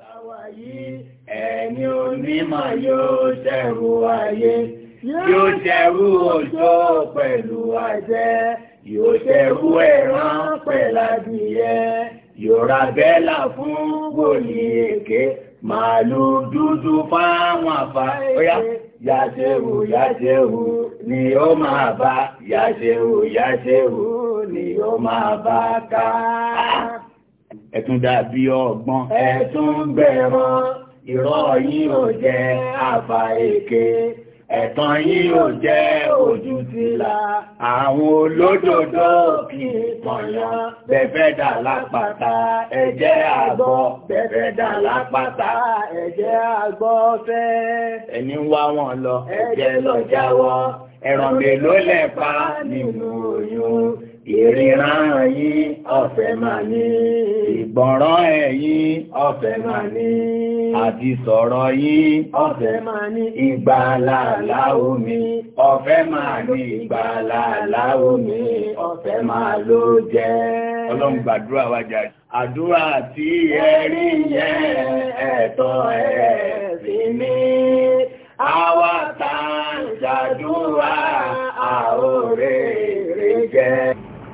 táwa yìí ẹni onímọ̀ yóò dẹrù ayé yóò dẹrù òjò pẹ̀lú àjẹ́ yóò dẹrù ẹran pẹ̀lú adìyẹ yóò ra bẹ́là fún wòlíì èké màálù dúdú fáwọn àfà ọ̀yá yàṣẹ́wò yàṣẹ́wò ni ó máa bá yàṣẹ́wò yàṣẹ́wò ni ó máa bá ká ẹ̀tún dàbí ọgbọ́n ẹ̀tún gbẹ̀rọ irọ́ yín ò jẹ́ àfà èké ẹ̀tàn yín ò jẹ́ ojú tìlà àwọn olódodo kì í pọ̀yàn bẹ̀fẹ́ dà lápàtà ẹ̀jẹ̀ àgbọ̀ bẹ̀fẹ́ dà lápàtà ẹ̀jẹ̀ àgbọ̀ fẹ́. ẹni ń wá wọn lọ ẹ̀jẹ̀ lọ jáwọ́ ẹ̀ràn mélòó lẹ̀ pa nínú oyún ìríran yín ọ̀fẹ́ máa ní ìgbọ̀nrán ẹ̀yin ọ̀fẹ́ máa ní àti sọ̀rọ̀ yín ọ̀fẹ́ máa ní ìgbàlàlà omi ọ̀fẹ́ máa ní ìgbàlàlà omi ọ̀fẹ́ máa ló jẹ́ ọlọ́run gbàdúrà wa jàre àdúrà tí ẹ rí ẹ̀tọ́ ẹ̀ sí mi àwa tá ń ṣàdúrà àórè rẹ̀ jẹ́.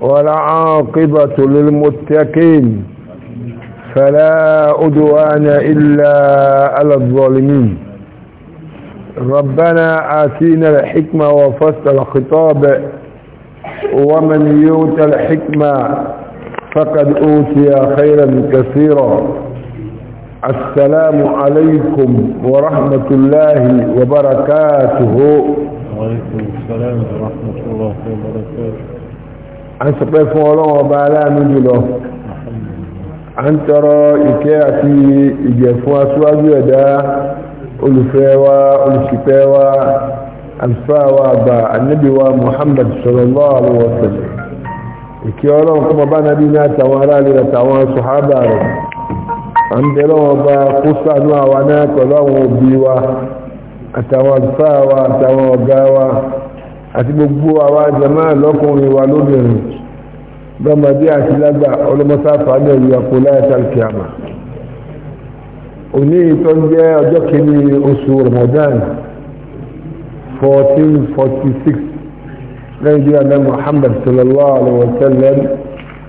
والعاقبة للمتقين فلا أدوان إلا على الظالمين ربنا آتينا الحكمة وفصل الخطاب ومن يؤت الحكمة فقد أوتي خيرا كثيرا السلام عليكم ورحمة الله وبركاته وعليكم السلام ورحمة الله وبركاته a ń sọpẹ́ fún ọlọ́run ọba aláàánú jùlọ a ń tọrọ ìkẹ́ àti ìjẹ̀ fún aṣíwájú ẹ̀dá olùfẹ́ wa olùṣìpẹ̀ wa àlùfáà wa àgbà ànábì wa Muhammad sallallahu alaihi wa sallam ìkẹ́ ọlọ́run kọ́mọ bá nàbí ní àtàwọn aráàlú àtàwọn sọ̀hábà rẹ̀ à ń bẹ̀rẹ̀ wọn bá kó sànú àwọn òbí àti gbogbo àwa jàmá lọ́kùnrin wa lóbìnrin lọ́mọdé àti lágbà ọlọ́mọsáfà bẹ̀rù àpò láyàtà kìámà òní ìtọ́ jẹ́ ọjọ́ kìíní oṣù Ramadan 1446 lẹ́yìn jíra náà Muhammad sallallahu alaihi wa sallam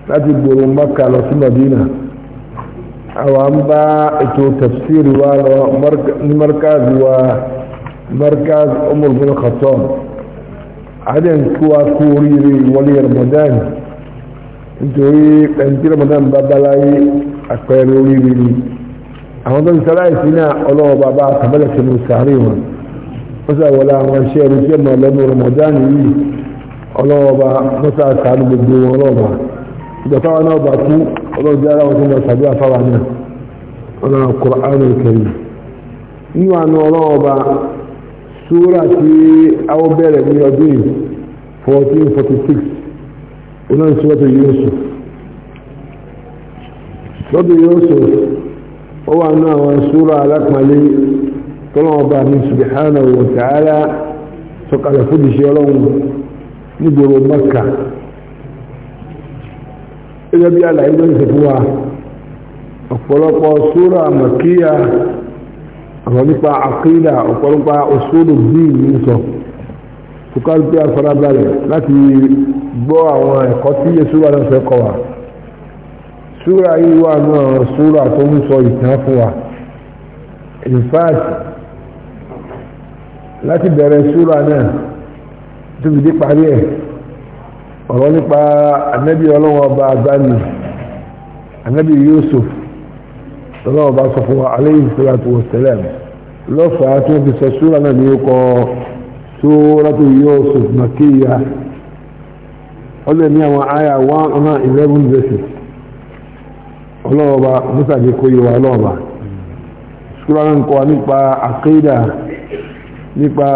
láti gbòòrò Makka lọ sí Madina àwọn ń bá ètò tafsiri wa lọ ní markaz wa markaz Umar bin Khattab àádẹ́ kuwa wá kú Ramadan nítorí pẹ̀ntí Ramadan bá báláyé àpẹẹrẹ oríire ni àwọn tó ń sáláìsí náà ọlọ́wọ́ a àtàbẹ̀lẹ̀ da ń sàárè wọn ó sàwọlá àwọn iṣẹ́ ẹ̀rọ iṣẹ́ mọ̀ lẹ́nu Ramadan yìí ọlọ́wọ́ bá mọ́sá àkàánú gbogbo wọn ọlọ́wọ́ ìgbà táwọn sura tí a ó bẹ̀rẹ̀ ní ọdún yìí 1446 onáà súratu Yusuf súratu Yusuf ó wà ní àwọn súra alápàlẹ́ tọ́lọ́ọ̀bá ní subhanahu wa ta'ala sọ̀kalẹ̀ fún ìṣẹ́ ọlọ́run nígboro makka. gẹ́gẹ́ bí àlàyé ló ń ọ̀pọ̀lọpọ̀ àwọn nípa àkídà ọ̀pọ̀lọpọ̀ òṣòro bíi ní sọ tukari pé afarabalẹ̀ láti gbọ́ àwọn ẹ̀kọ́ tí yéṣu wà náà fẹ́ kọ́ wa súra yìí wà ní àwọn súra tó ń sọ ìtàn fún wa in láti bẹ̀rẹ̀ súra náà tó parí ẹ̀ ọ̀rọ̀ nípa ànábì ọlọ́wọ́ ọba agbani ànábì Yusuf lọ́wọ́ bá sọ fún wa aleyhi salatu wa salam lọ́fàá tó fi sọ súra náà ní kọ́ súratu Yusuf makiya ó lè ní àwọn àyà one hundred eleven verses ọlọ́wọ́ bá musa jẹ́ kó yẹ wa lọ́wọ́ bá súra náà kọ́ nípa àkéèdà nípa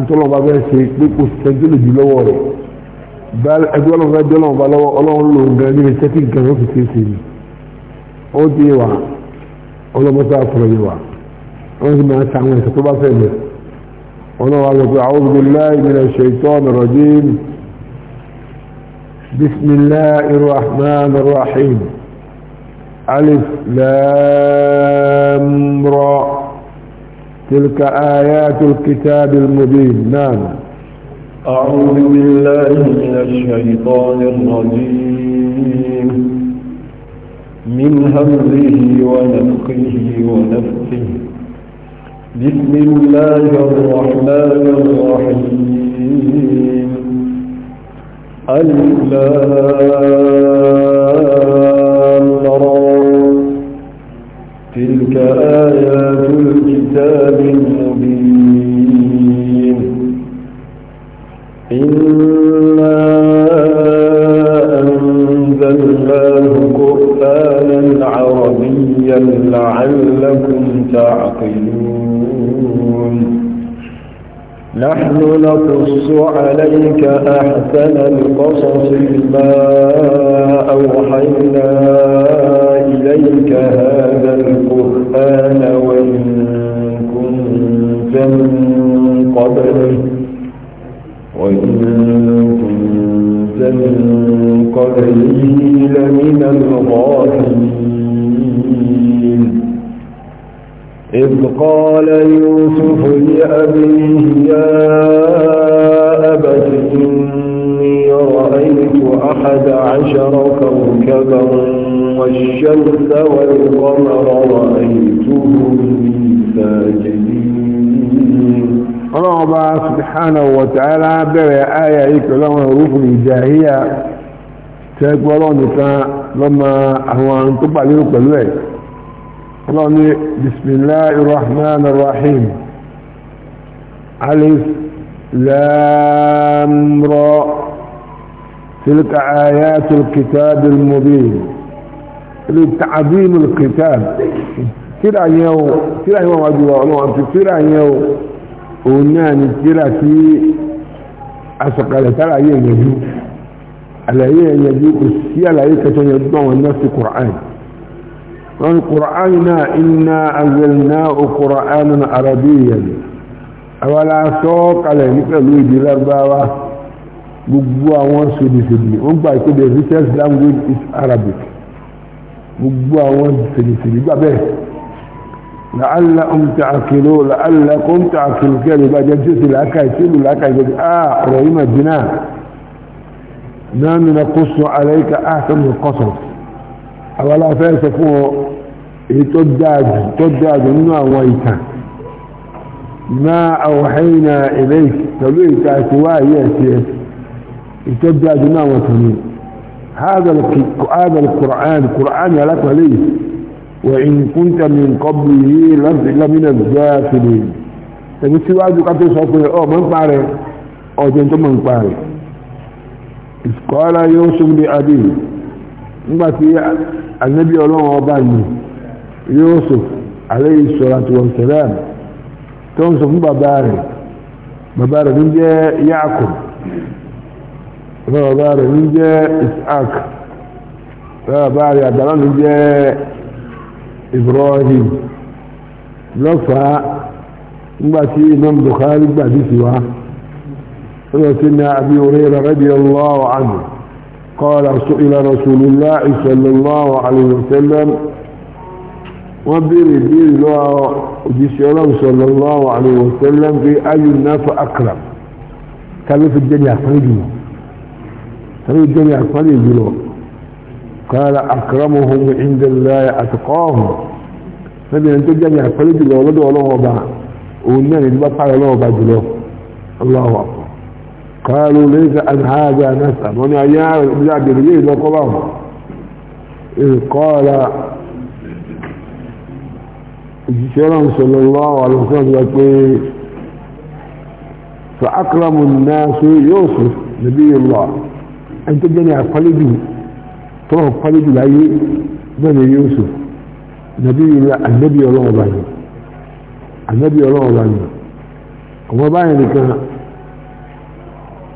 ntọ́lọ́ba bẹ́ẹ̀ ṣe pé kò sẹ́ńtì lè jù lọ́wọ́ rẹ̀ ẹgbẹ́ ọlọ́run fẹ́ dé ọlọ́run bá lọ́wọ́ ọlọ́run gan níbi sẹ́tì gan ló fi ṣe é ṣe ni ó di wa ọlọ́mọsá àfọlọ́yẹwà wọ́n sì ma sàwọn ẹ̀sẹ̀ tó bá fẹ́lẹ̀ wọn wà lọ pé billahi minash shaitanir rajim bismillahir rahmanir rahim alif lam ra tilka ayatul kitabil mubin na'am أعوذ بالله من الشيطان الرجيم من همزه ونفخه ونفخه بسم الله الرحمن الرحيم الإسلام تلك آيات الكتاب المبين لعلكم تعقلون نحن نقص عليك أحسن القصص ما أوحينا إليك هذا القرآن وإن كنت من قبله وإن كنت من قبله لمن الغافلين إذ قال يوسف لأبيه يا أبت إني رأيت أحد عشر كوكبا والشمس والقمر رأيتهم ساجدين الله سبحانه وتعالى بر آية كلام حروف الجاهية تقولون لما أهوان تبع له رمي بسم الله الرحمن الرحيم ألف لام را تلك آيات الكتاب المبين لتعظيم الكتاب ترى يو ترى يو أدواء الله ترى يو ونان ترى في أسقال ترى يو يجو على يو يجو لا يكتب يدعو الناس القرآن من قرآننا إنا أنزلناه قرآنا عربيا أولا سوق عليه مثل لوي بلال بابا بقوا وان سودي سودي وان باي ريتس لانجويج إس عربي بقوا وان سودي سودي بابا لعل أم تعقلوا لعلكم تعقلوا كده بابا جنسي لأكاي سيلو لأكاي جدي آه رأيما جنا نحن نقص عليك أحسن القصص àwọn aláfẹ́ sọ fún ọ èyí tó dáàjù tó dáàjù nínú àwọn ìtàn máa àwọ̀hẹ́yìnà ilé pẹ̀lú ìta àti wáyé ẹ̀sì ẹ̀ tó dáàjù nínú àwọn tòní هذا القرآن قرآن لك ليه وإن كنت من قبله لمن الغافلين tẹ̀bí síwájú ká tó sọ pé ọ mọ́ ń parẹ́ ọjọ́ tó mọ́ ń parẹ́ ìkọ́lá yóò ṣúgbé adé nígbàtí النبي الله أباني يوسف عليه الصلاة والسلام توسف مبارك مبارك من جاء يعقوب مبارك من جاء إسحاق مبارك عبدالله من جاء إبراهيم لفع مباتي إمام بخاري بعد سواه سنة أبي هريرة رضي الله عنه قال سئل رسول الله صلى الله عليه وسلم وبري بي الله صلى الله عليه وسلم في أي الناس أكرم كان في الدنيا فريجنا في الدنيا فريجنا قال أكرمهم عند الله أتقاهم فبين أنت الدنيا فريجنا ولد ولوه بعد ونال البطل ولوه بعد الله أكبر قالوا ليس عن هذا نسأل وانا ايام الابداع جريد وقبهم إذ قال الشيطان صلى الله عليه وسلم يقول فأكرم الناس يوسف نبي الله أنت جاني أفلدي تروح أفلدي لأي بني يوسف نبي الله النبي الله بني النبي الله بني وما بني كان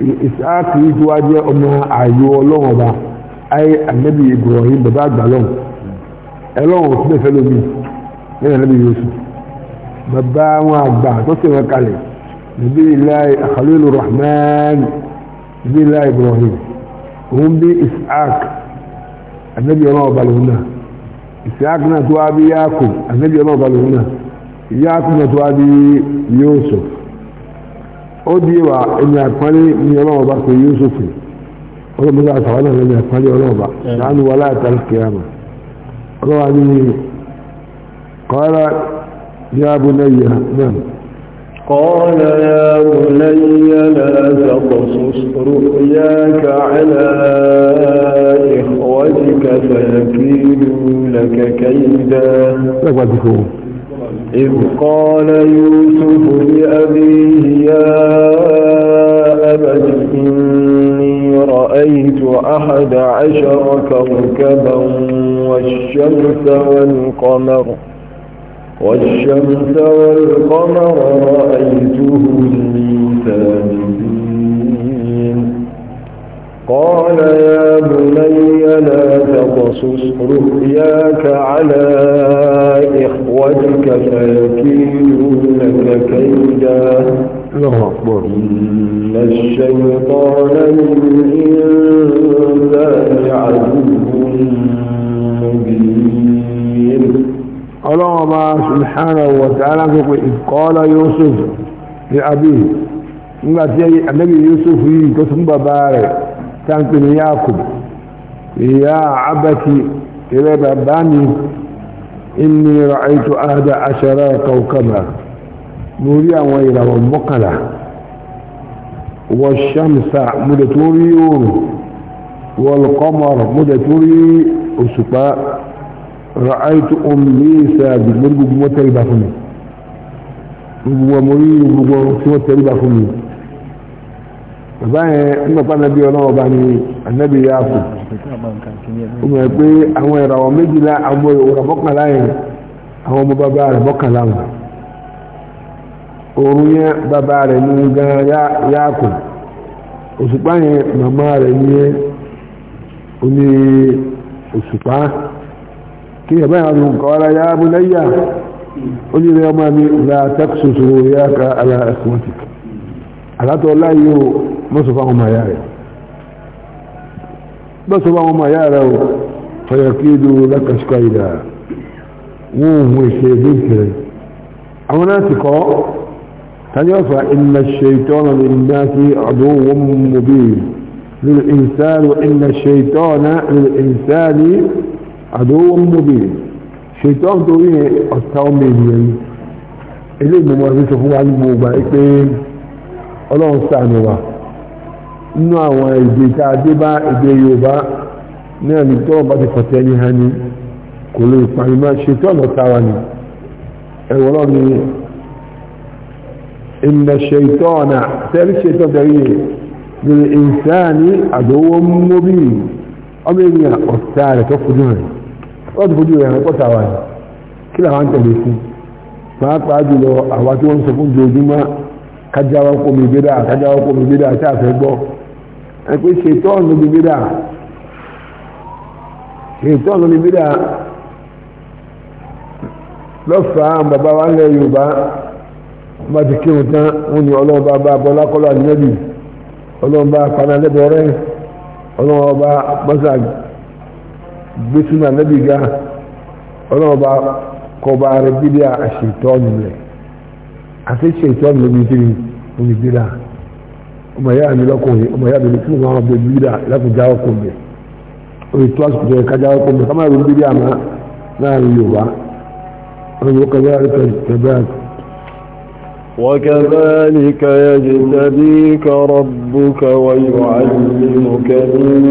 isaac yìí tó wá jẹ́ ọmọ ààyò ọlọ́run ọba ayé anabi ibrahim bàbá àgbà lọ́hùn ẹlọ́run tó bẹ́ẹ̀ fẹ́ lómi nínú anabi yusuf bàbá wọn àgbà tó sì wọn kalẹ̀ nàbí ilayi akhalil rahman nàbí ilayi ibrahim òun bí isaac anabi ọlọ́run ọba lòun náà isaac náà tó wá bí anabi ọlọ́run ọba lòun náà yaakub náà tó wá bí أوديوا إن يفني من يوم يوسف ولا مزاح سوالا إن يفني ولا بع لأن قال يا بني نعم قال يا بني لا تقصص رؤياك على إخوتك فيكيدوا لك كيدا لك إذ قال يوسف لأبيه يا أبت إني رأيت أحد عشر كوكبا والشمس والقمر والشمس والقمر رأيته لي قال يا بني لا تقصص رؤياك على إخوتك فيكيدونك كيدا الله أكبر إن الشيطان للإنسان عدو مبين الله سبحانه وتعالى قال يوسف لأبيه ما ànábì Yusuf yìí tó tún تنقل ياكم يا عبتي إلى رباني إني رأيت أهدى عشر كوكبا نوريا ويرا ومقلا والشمس مدتوري والقمر مدتوري أسفا رأيت أم ليسا بمرق بمتربة فمي ومريد بمتربة فمي bàbá yẹn nígbàpá ọlọ́wọ́ bá ní ànábì yá kù ó mọ̀ pé àwọn ìràwọ̀ méjìlá àwọn ìwòrán mọ́kànlá yẹn àwọn ọmọ bàbá rẹ̀ mọ́kànlá wọn yẹn bàbá rẹ̀ ní gan yá kù òṣùpá yẹn màmá rẹ̀ ní yẹn ó ní òṣùpá kí ẹ̀ báyìí ara yá bó ó ní ilé ọmọ mi yá ka ala ẹ̀kọ́ tì o مصفهم ما يعرف مصفهم ما يعرف فيكيدوا لك شكيدا وهو شيء ذكر عناتك إن الشيطان للناس عدو مبين للإنسان وإن الشيطان للإنسان عدو مبين الشيطان دوين التوميين إليه ممارسة هو علم مبايكين الله استعنوا nínú àwọn èdè tá a dé bá èdè yorùbá náà ní tọ́wọ́ bá ti pọ̀tẹ́ ní hání kò lè parí máa ṣe ni ẹ̀wọ̀n náà ni ìnà ṣe ìtọ́ọ̀nà tẹ́lí ṣe tọ́tẹ́rí yìí ní ìsáàní àdówó mọ́bí ọmọ ènìyàn ọ̀tá rẹ̀ tó fojú rẹ̀ ó ti fojú rẹ̀ hàn pọ̀ táwa ni kí làwọn ń tẹ̀lé fún jùlọ tí wọ́n ń sọ a fẹ́ gbọ́ ẹgbẹ́ ṣètọ́ọ̀nù ló bí bídà ṣètọ́ọ̀nù ló bí bàbá wa ńlẹ̀ yorùbá bá ti kírun tán wọ́n ní ọlọ́run bá bọ́lá kọ́lọ́ àdínẹ́bì mọ́sà ga ọlọ́run ọba kọba rẹ̀ bídà ṣètọ́ọ̀nù rẹ̀ àti ọmọ ìyá mi lọ́kùnrin ọmọ ìyá mi tí wọ́n máa bẹ bídà láti jáwọ́ kó mi orí tí wọ́n sì tẹ̀lé ká jáwọ́ kó mi ká má ronú bídà àmọ́ láàrin yorùbá wọ́n yóò kọjá rẹ̀ tẹ̀lé وكذلك يجتبيك ربك ويعلمك من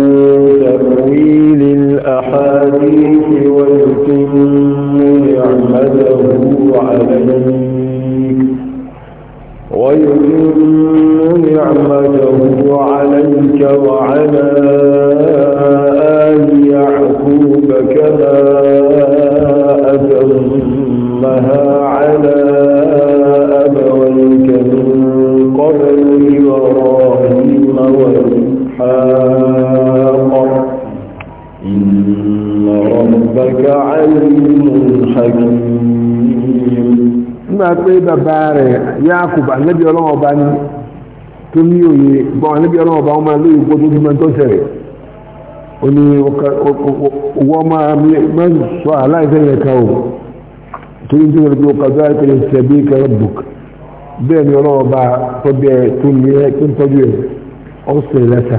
تأويل الأحاديث ويتم نعمته عليك ويتم نعمته عليك وعلى آل يعقوب كما أتمها على أبويك من قبل إبراهيم وإسحاق إن ربك عليم حكيم nígbà pé bàbá rẹ̀ Yakub ànábì ọlọ́wọ́ ọba ni tó ní òye bọ́n ànábì ọlọ́wọ́ ọba wọn máa lóye gbogbo tó máa ó ní wọ́n máa máa sọ aláìsẹ́ yẹn o torí tí wọ́n ti wọ́n kàdó àìsẹ́ bẹ́ẹ̀ ni ọba tó bẹ tó ní ẹ tó ń tọ́jú ẹ ọ̀sẹ̀ lẹ́sà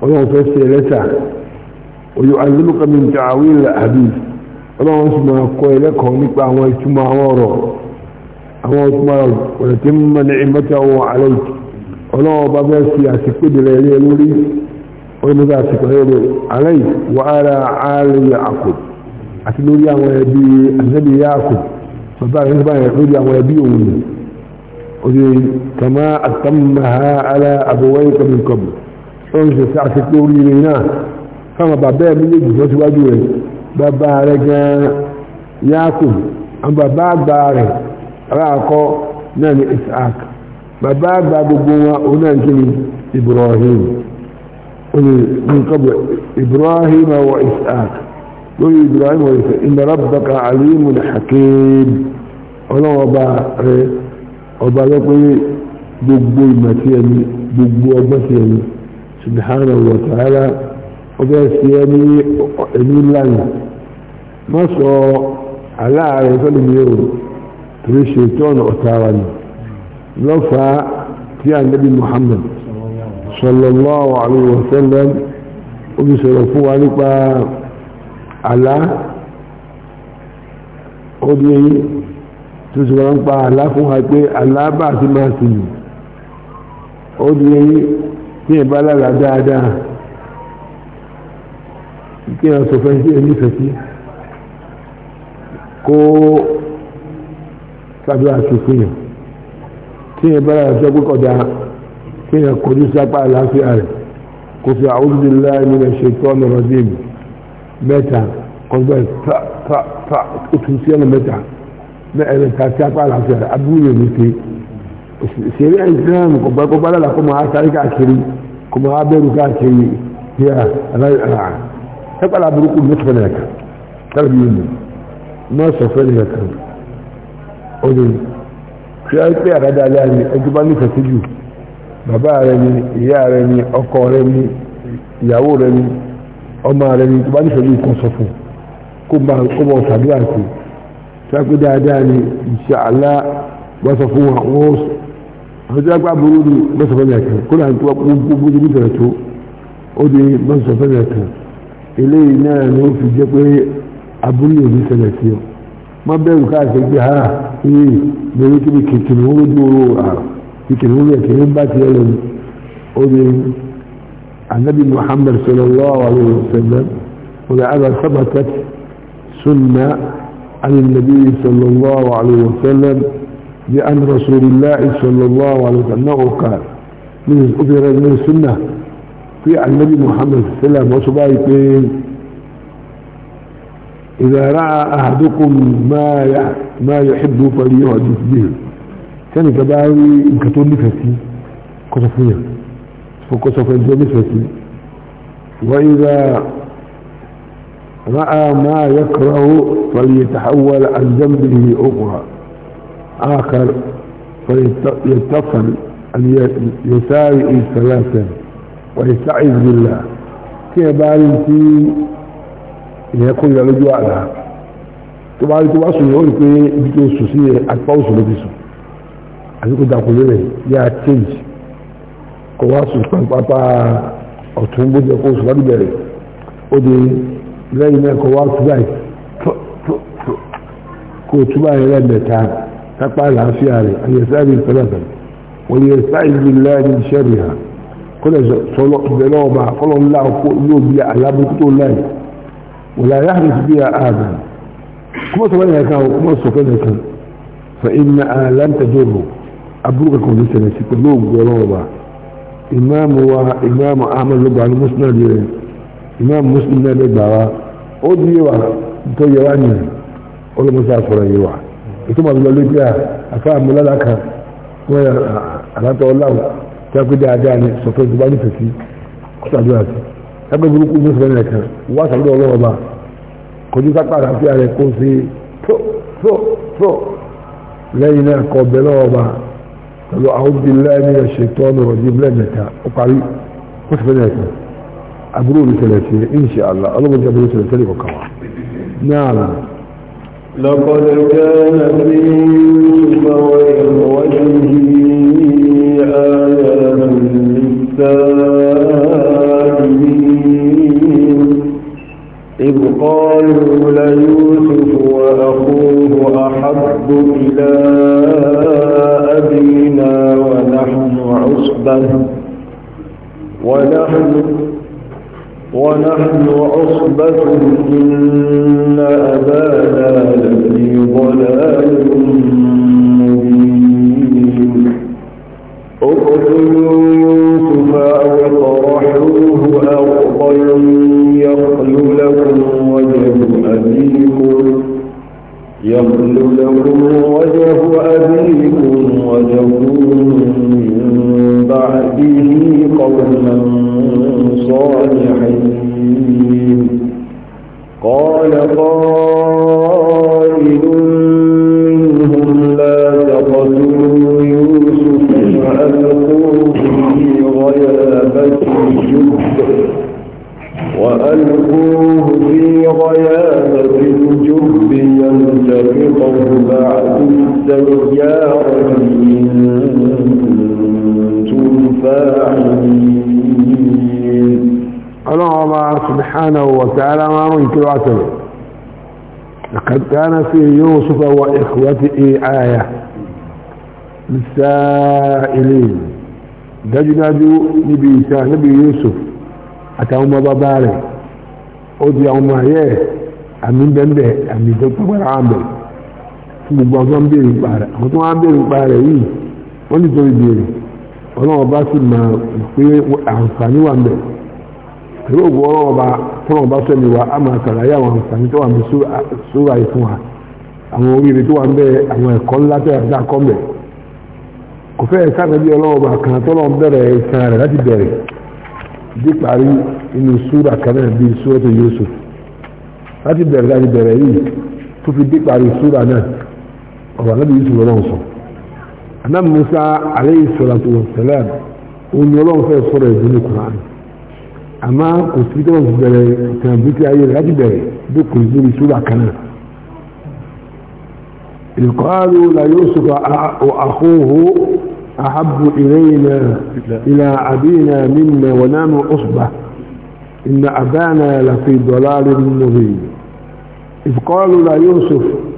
fẹ́ lẹ́sà òyò ọlọ́run sì máa kọ́ ẹlẹ́kọ̀ọ́ nípa àwọn ìtumọ̀ àwọn ọ̀rọ̀ àwọn ìtumọ̀ ọ̀rọ̀ tí ń mọ̀ ní ìmọ̀tí àwọn àlẹ́ ọlọ́run ọba bẹ́ẹ̀ fi àtìpédèrè ẹ̀rẹ́ lórí onígbà àtìpédèrè ẹ̀rẹ́ àlẹ́ wà ara àlẹ́ àkò àti lórí àwọn ẹbí àtẹ́bí yá àkò bàbá rẹ̀ nígbà yẹn lórí àwọn ẹbí òun ni òye kàmá àtàmàhà alẹ́ àbúwáyé kọ́mìkọ́mì ó ń ṣe sí àtìpé oríire náà fáwọn bàbá ẹ̀ bàbá rẹ̀ gan Yakub bàbá àgbà rẹ̀ ráàkọ́ náà ni Isaac bàbá àgbà gbogbo wọn òun náà kí ni Ibrahim olùkọ́bọ̀ Ibrahim wa Isaac lórí Ibrahim wa Isaac inna rabbaka alimun hakim ọlọ́wọ́ ọba rẹ̀ ọba lọ́pẹ́ gbogbo ìmọ̀ sí ẹni gbogbo ọgbọ́n sí ẹni subhanahu wa ta'ala ọbẹ̀ sí ẹni ẹni ńlá yìí má sọ aláàrẹ sọ́nà mi ò torí ṣe tọ́nà ọ̀tara ni lọ́fà tí a nẹ́bí Muhammad sallallahu alaihi wa sallam sọ̀rọ̀ fún wa nípa àlá ó dé tó sì wọ́n ń pa àlá fún wa pé àlá bá máa sì yìí ó kó sàdúrà sí fún yàn bara ya bára ẹ̀sọ́ pé kọjá tí yẹn sápá àlàáfíà rẹ̀ kò sí a'udhu billahi minash mẹ́ta kọjá ta ta ta sí ẹ̀rọ mẹ́ta mẹ́rin ta sápá àlàáfíà rẹ̀ abúlé Islam kó bá lálàá kó máa sáré káàkiri kó máa bẹ̀rù káàkiri má sọ fẹ́ni kankan ó lè fi á àdáda alẹ́ ni ẹjọ́ bá nífẹ̀ẹ́ sí jù bàbá rẹ ni ìyá rẹ ni ọkọ rẹ ni ìyàwó rẹ ni ọmọ rẹ ni tó bá nífẹ̀ẹ́ sí kan sọ fún kó bá kó bọ̀ ṣàdúrà sí fi á dáadáa ni wọ́n sọ fún wọn sọ àwọn tí wọ́n gbá burú ni sọ kó gbogbo tó ó di sọ fi jẹ́ abúlé òní ṣẹlẹ̀ sí ọ má bẹ̀rù káàkiri pé ha ee bẹ̀rù kí ni kìkìrì wọn lójú oró àrùn kìkìrì wọn lẹ̀ kìrì ń bá tiẹ̀ lẹ́nu omi anabi muhammad sallallahu alayhi wa sallam wọlé àgbà sábàtàt sunna ani nabi sallallahu alayhi wa sallam bi an rasulillah sallallahu alayhi wa sallam náà kà ní obìnrin ní sunna pé anabi muhammad sallallahu alayhi wa sallam wọ́n sọ báyìí pé إذا رأى أحدكم ما ما يحب فليحدث به كان كتولي فتي نفسي كتفويا فكتف نفسي وإذا رأى ما يكره فليتحول عن ذنبه أخرى آخر فليتصل أن يسارئ ثلاثا ويستعذ بالله كباري في ìyẹn kó ìyá lójú àlá tó bá rí tó bá sùn yóò rí pé ibi tó sùn sí apá òsùn ló ti sùn àti kó dàpọ̀ lé rẹ̀ yá change kó wá sùn pàpàpà ọ̀tún bó jẹ́ kó sùn ó di lẹ́yìn náà kó wá kó tápá àlàáfíà rẹ̀ wọ́n yẹ kó lè sọ ولا يحدث بها آدم كما تبني يكاو كما تبني يكاو فإن لم تجره أبروككم لسنسي كلهم قولوا إمام هو إمام وإمام أحمد لبع المسند إمام مسلم لبع أودي وطيراني أول مسافر يوع ثم أقول لك يا أفهم لك أنا أقول لك تأكد أعداني سوف تبني فسي كنت أدواتي lábẹ́ burúkú ní oṣù mẹ́rin kan wá sàlọ́ ọlọ́wọ́ bá kojú sápá àlàáfíà rẹ̀ kó ṣe tó tó tó lẹ́yìn náà kọ bẹ́ẹ̀ lọ́wọ́ bá pẹ̀lú àwòdìláì ní ẹ̀ṣẹ̀ tó ọ̀nà ọ̀dí lẹ́ẹ̀mẹ́ta ó parí ó sì fẹ́rẹ̀ kan àbúrò olùsẹ̀lẹ̀ sí insha Allah ọlọ́mọdé àbúrò olùsẹ̀lẹ̀ sẹ́lẹ̀ kọ̀ọ̀kan wa náà لقد كان في يوسف وإخوته إذ قالوا ليوسف وأخوه أحب إلى أبينا ونحن عصبة ونحن ونحن عصبة إن أبانا لفي ضلال مبين اقتلوا يوسف أو اطرحوه أرضا أبيكم يغلب لكم وجه أبيكم وتكون من بعده قوما صالحين قال قال بعد كنتم فاعلين الله سبحانه وتعالى ما رأيك العتبة لقد كان في يوسف وإخوته آية للسائلين دجنادو نبي نبي يوسف أتاهم بباري أودي أمهيه أمين بنبه أمين دكتور عامل gbogbo ọgbọ́n béèrè pa rẹ̀ àwọn tó wá béèrè pa rẹ̀ yìí wọ́n ní torí béèrè ọlọ́wọ́ bá sì mọ̀ pé àǹfààní wà mẹ́ pẹ̀lú ògbó ọlọ́wọ́ bá tọ́lọ́ bá sẹ́mi wa á máa kàrà yá àwọn àǹfààní tó wà mí sóra yìí fún wa àwọn oríire tó wà ń bẹ àwọn ẹ̀kọ́ ńlá tó yà dá kọ́ mẹ́ kò fẹ́ ẹ̀ka nàbí ọlọ́wọ́ bá kan tọ́lọ́ bẹ̀rẹ̀ ìtàn rẹ̀ láti bẹ̀rẹ̀ dé parí inú sóra kan náà bíi sórẹ́tò Yusuf láti bẹ̀rẹ̀ láti bẹ̀rẹ̀ yìí tó fi dé parí sóra náà هو يوسف لونه صور أنا موسى عليه الصلاة والسلام ونلون في الصورة يزيل القرآن أما قصيدة من سبيل كان بيت أي غد بي دك يزيل سورة إذ قالوا لا يوسف وأخوه أحب إلينا إلى أبينا منا ونام عصبة إن أبانا لفي ضلال مبين إذ قالوا لا يوسف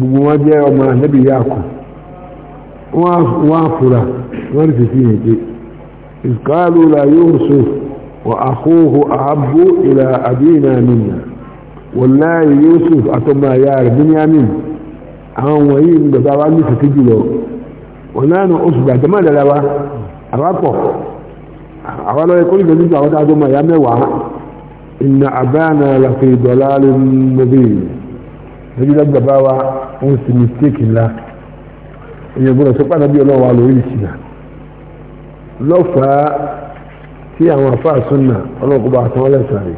gbogbo wọn jẹ́ ọmọ ànábì yaakù wọ́n fura wọ́n rí fífi yẹn pé ìkàlù la Yusuf wa akhuhu ahabbu ila abina minna wallahi Yusuf àtọmọ àyà rẹ̀ Binyamin àwọn wọ̀nyí ń bàbá wa ní fìtí jùlọ wọn náà oṣù gbàgbé má dára wa àwápọ̀ àwọn lọ́yẹ kó nígbà nígbà àwọn táwọn ọmọ ìyá mẹ́wàá inna abana la fi dalalin mubin lójú lọ́gbàbá wa wọ́n sì mistake ńlá èèyàn gbọ́dọ̀ sọ pàdánù bí ọlọ́wọ́ wa lórí ìṣìnà lọ́fàá tí àwọn afá súnà ọlọ́kùnbà àtàwọn ọlẹ́sàn rẹ̀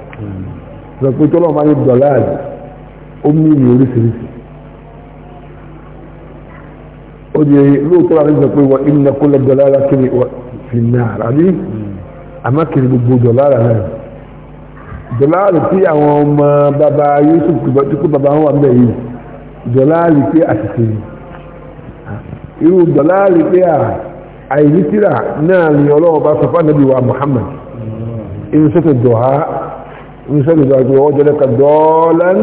sọ pé tọ́lọ́ máa ń dọ̀lá rẹ̀ ó mú ìrìn oríṣiríṣi ó di lóòótọ́ àti sọ pé wọ́n ìnà kó lọ dọ̀lá rẹ̀ kiri fi náà àbí àmọ́ kiri gbogbo dọ̀lá rẹ̀ náà dọ̀lá rẹ̀ tí àwọn ọmọ bàbá Yusuf tó kó bàbá wọn wà mẹ́yìí dọ̀láàlì pé àtìsí irú dọ̀láàlì pé àìrítírà náà ni ọlọ́ọ̀bá sọ fánàbí wa Muhammad in sọ́tọ̀ dọ̀há in sọ́tọ̀ dọ̀há pé ọjọ́ lẹ́ka dọ́ọ̀lán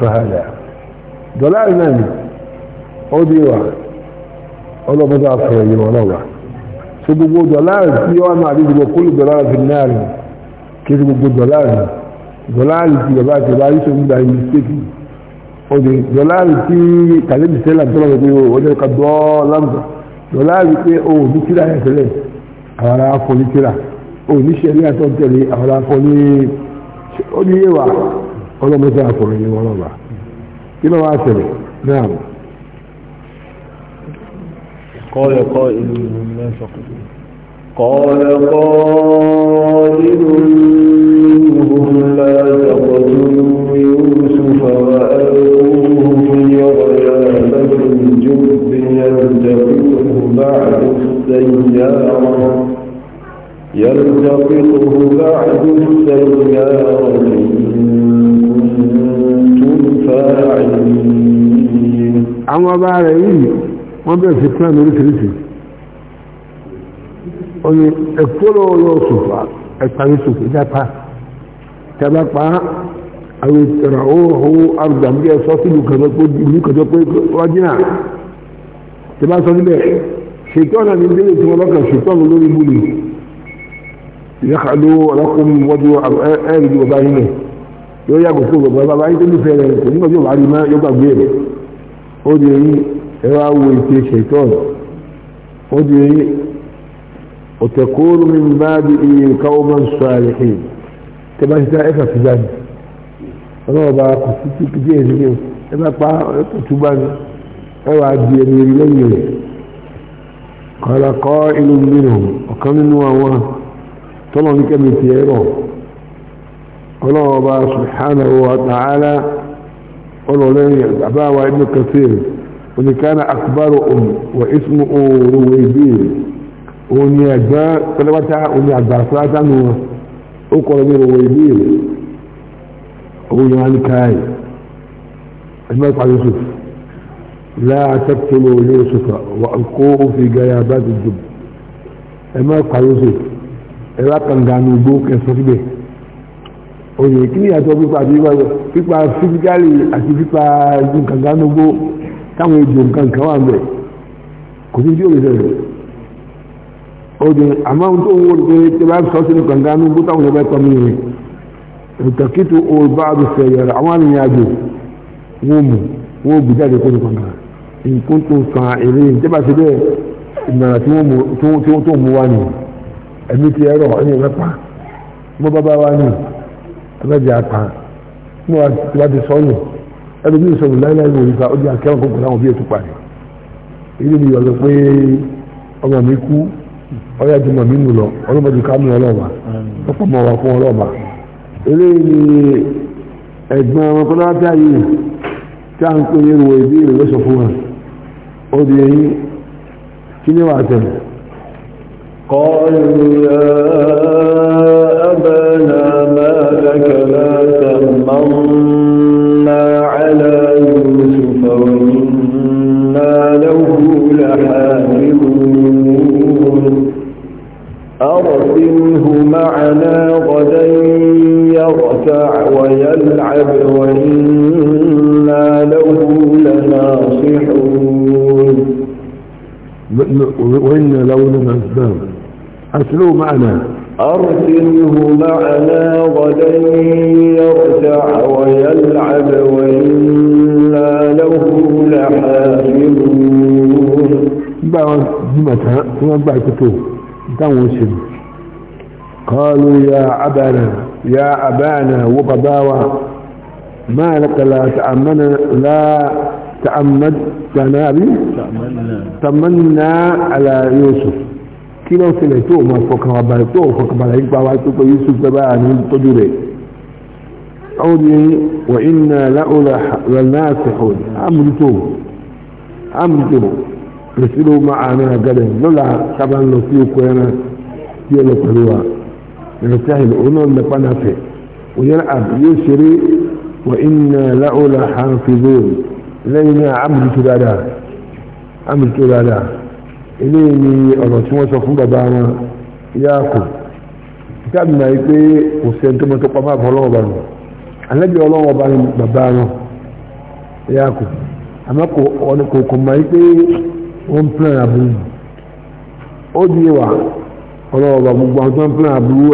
fàhálà dọ̀láàlì ni ó dé wa ọlọ́ọ̀bá sọ àfẹ́rẹ̀ yìí ọlọ́wà ṣe gbogbo dọ̀láàlì tí ó wà máa rí gbogbo kúlù fi náà ni gbogbo ti ọdún dọ̀láàrí tí kàlẹ́bì sẹ́là tó lọ́wọ́ pé ọjọ́ ka dọ́ lámùsà dọ̀láàrí pé o ní tíra yẹn tẹ́lẹ̀ àwọn ará afọ ní tíra o ní sẹ́lẹ̀ àtọ́ tẹ̀lé àwọn ará afọ ní ó ní yé wa ọlọ́mọdé àfọ̀rọ̀ yẹn wọn lọ́ba kí ló wá tẹ̀lé náà. قال قائل لا شك قال قائل منهم لا تقتلوا السيارة يلتقطه بعد السيارة إن كنتم فاعلين àwọn ọba rẹ̀ yìí wọ́n bẹ̀rẹ̀ sí plan oríṣiríṣi ó ní ẹ̀kọ́lọ́ ọlọ́sùfà ẹ̀parí sùfà ìjápa tẹ́bá pa àwọn ìtẹ̀rà oòrùn arùgbàmí ẹ̀sọ́ sí ìlú kẹjọ pé wájínà tẹ́bá sọ níbẹ̀ ṣètọ́nà ní bílé tí wọ́n lọ́kàn ṣètọ́nà lórí múlẹ̀ ìyáxàló ọlọ́kùnrin wọ́dú ẹ̀rì ní bàbá yìí yóò yàgò fún bàbá bàbá yìí tó nífẹ̀ẹ́ rẹ̀ kò nígbà yóò wá rí mọ́ yóò gbàgbé rẹ̀ ó di èyí ẹ̀rọ awo ètè ṣètọ́nà ó di èyí ọ̀tẹ̀kóró mi bá di iye káwọ́ mọ́ sọ àlẹ́kẹ́ tẹ bá ti ta ẹ̀fà fi jáde ọlọ́wọ́ kò sí tó kí díẹ̀ nílé bá pa ẹ̀kọ́ tó bá ní ẹ wàá di ẹni قال قائل منهم وكم من وهو طلع لك من قال الله سبحانه وتعالى قال لي أبا وابن كثير وإن كان أم واسمه رويبير وإن يجبا قال وتعالى وإن يجبا صلاة وقال لي رويبير أقول يعني كاي أجمال يوسف لا تقتلوا يوسف وألقوه في جيابات الجب أما قال يوسف إلا كان دانو بوك يسربه oye kí ni àtọ́ pípa àti pípa pípa fífíkálì àti pípa nǹkan gánágbó táwọn èdè nǹkan kan wà mẹ́ kò sí tí ó lè sẹ̀rẹ̀ oye àmọ́ tó ń wọ́n pé tí bá sọ sínú nǹkan gánágbó táwọn ẹgbẹ́ tọ́ mi rìn ìtàkìtò òòlù bá àwọn arìnrìn àjò wọ́n mú wọ́n bù kó nǹkan kan nǹkan tó san èrè ìjọba ṣe bẹ́ẹ̀ ìmọ̀ràn tí wọ́n tó mú wá ní ẹ̀mí ti ẹ̀rọ ẹni ẹ̀mẹ́pa mo bá bá wá ní ẹ̀mẹ́jẹ̀ apá mo wá ti sọ́nù ẹni bí ìsọ̀rọ̀ láíláí ló rí ta ó di akẹ́wọ̀n kókò láwọn bí ètò parí èyí ni ìyọ̀lọ̀ pé ọmọ mi kú ọyá ju màmí nù lọ ọlọ́mọdé ká mú ọlọ́ọ̀bà ọ̀pọ̀ mọ̀ wá fún ọlọ́ọ̀bà eléyìí ni ẹ̀gbọ́n ọmọkùnrin àti àyè tí a ń pè é wo ìbéèrè lọ́sọ̀ fún wa. أدعي كم وعتم قالوا يا أبنا ما لك لا تمنى على يوسف وإنا له لحافظون أرسله معنا غدا يرتع ويلعب وإنا وإن لو أسباب أسلو معنا أرسله معنا غدا يرجع ويلعب وإنا له لحافظون بعد جمتها ثم بعد كتوب دوشن قالوا يا عبانا يا عبانا وبداوة ما لك لا تأمنا لا تعمد تنابي تمنى على يوسف كيلو سنتو ما فوق ما بعثو فوق ما لين بعثو في يوسف زبان من تدور عودي وإن لا ولا الناسحون أمرتو أمرتو رسلوا معنا قال نلا سبع نصيب كنا يلا تروى نسهل أنو نبنا فيه ويرعب يعني يسري وإن لا ولا حافظون lẹ́yìn náà amúlù tó dáadáa amúlù tó dáadáa eléyìí ni ọ̀rọ̀ tí wọ́n sọ fún bàbá wọn yáàkù kíkà mi náà yí pé kò sẹ́ni tó mọ́ tó pamọ́ àbọ̀ ọlọ́wọ́ bá wọn alẹ́bí ọlọ́wọ́ bá wọn bàbá wọn yáàkù àmọ́ kò ọ̀nà kò kò máa yí pé wọ́n ó di wa ọlọ́wọ́ bá gbogbo àwọn tó ń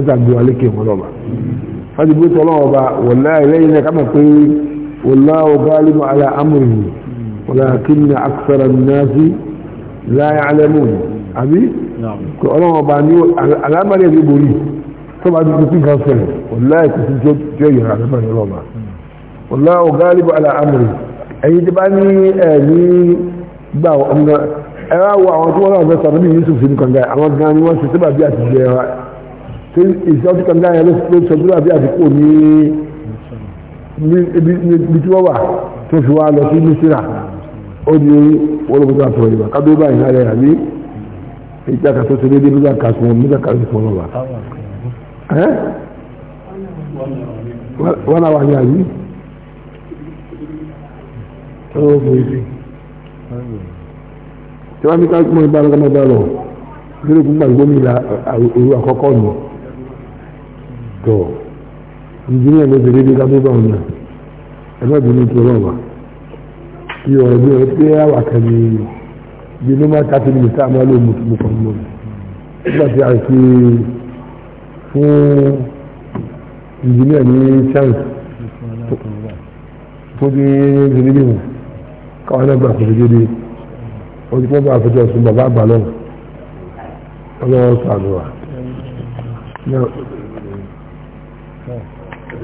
ẹ̀dùn náà wa lékè wọn bí ó sọ ọlọ́wọ́ bá wọ̀ والله غالب على أمره ولكن أكثر الناس لا يعلمون أبي؟ نعم كأنا أباني على أمر يجب لي طبعا يكون كافر والله يكون جيد على أمر الله والله غالب على أمره أي تباني أني باو أن أرى àwọn ولا wọ́n náà fẹ́ sàbẹ̀bí كان sínú kànga àwọn gan ni wọ́n ṣe sábà bí àti jẹ́ wa bí tí wọ́n wà tó fi wá lọ sí mísírà ó di wọ́lọ́gbọ́dọ́ àtọ̀rọ̀ ìwà kádó báyìí náà rẹ̀ àbí ìjà kàtó ṣe déédéé nígbà kàtó nígbà kàtó fún ọlọ́wà. wọ́n náà wà ní àbí ọlọ́wọ́ fún ìsìn tí wọ́n ní ká mọ̀ ìbára ọmọ ìbára lọ nílùú gbogbo àgbómi ìlà òru àkọ́kọ́ nù tó ìdílé ẹ̀mọ́ ìbèrè bí dábò bá wọn ẹgbẹ́ ìbínú tó lọ́wọ́ bí ọ̀rọ̀ bí ọ̀rọ̀ pé àwà kẹ́mi bí ní máa tàbí ní ìta máa lò mú kàn mọ́ nígbà tí a ṣe fún ìdílé ẹ̀mí chance tó dé ìdílé bí káwọn náà gbà fún ìdílé wọ́n ti pọ́n bá àfẹ́jọ́ sùn bàbá àgbà náà ọlọ́wọ́ sàdùwà.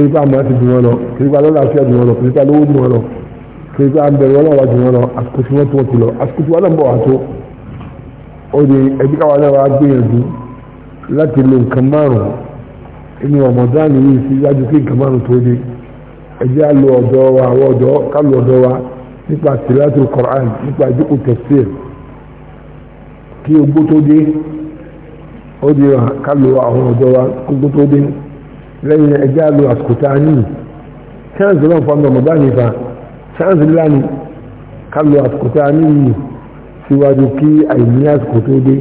kiri pa àmọ́ ti dùn wọn lọ kiri pa lọ́la àfíà dùn wọn lọ kiri pa lówó dùn wọn lọ kiri pa àbẹ̀rẹ̀ wọn lọ́wọ́ dùn wọn lọ àsìkò tí wọ́n tó ti lọ àsìkò tí wọ́n náà bọ̀ wá tó ó di ẹbí káwa náà wá gbìyànjú láti lo nǹkan márùn-ún inú ọ̀mọ̀dán yìí sí yájú kí nǹkan márùn-ún tó dé ẹjẹ́ á lo wa àwọn ọ̀dọ́ ká lo wa nípa tìlátì Qur'an nípa ìdíkù tafsir kí ogbó tó dé ó di ká lo àwọn ọ̀dọ́ wa kó ogbó tó dé lẹ́yìn ẹjá lo àsìkò tá a ní chance náà fún ọmọdé nípa chance ńlá ni ká lo àsìkò tá a ní yìí síwájú kí àìní àsìkò tó dé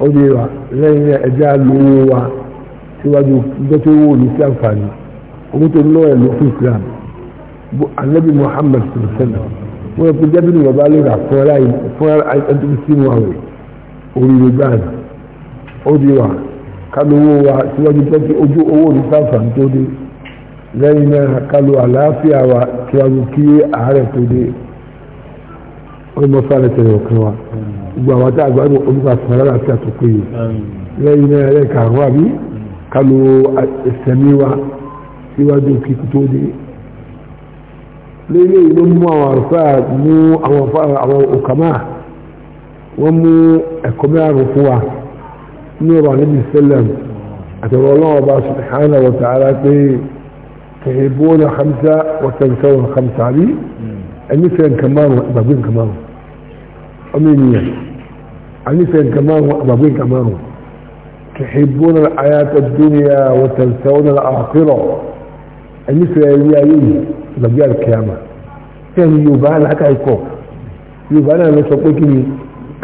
ó dé wa lẹ́yìn ẹjá lo owó wa síwájú gbẹ́tẹ́ owó ní sí àǹfààní owó tó lọ́ ẹ̀ lọ fún Islam anabi Muhammad sallallahu wọ́n yẹ kó jẹ́bi ní bàbá lè rà fún ẹ̀rọ ẹ̀ńtí sí mu àwẹ̀ oríire gbáàdì ó dé wa kálówó wa síwájú tó ti ojú owó ní sáfàn tó dé lẹ́yìn náà kálò àlàáfíà wa síwájú kí àárẹ̀ tó dé ọlọ́mọfà lẹ́tẹ̀ rẹ̀ ọ̀kan wa gbogbo àwọn tá a gbádùn olùkọ́ àtúnṣe àlàáfíà tó péye lẹ́yìn náà ẹ̀ka àwọn àbí kálò ìsẹ̀mí wa síwájú kíkú tó dé lẹ́yìn ló mú àwọn àrùfà mú àwọn òkàmá wọ́n mú ẹ̀kọ́ mẹ́rin fún wa. نور عليه السلام أتبع الله سبحانه وتعالى تحبون خمسة وتنسون خمسة عليه النسيان كمان وأبابين كمان أمينيا النسيان كمان وأبابين كمان تحبون الحياة الدنيا وتنسون الآخرة النسيان يليه بجاء الكيامة كان يعني يبال حتى يكون يبال أنا سأقول كني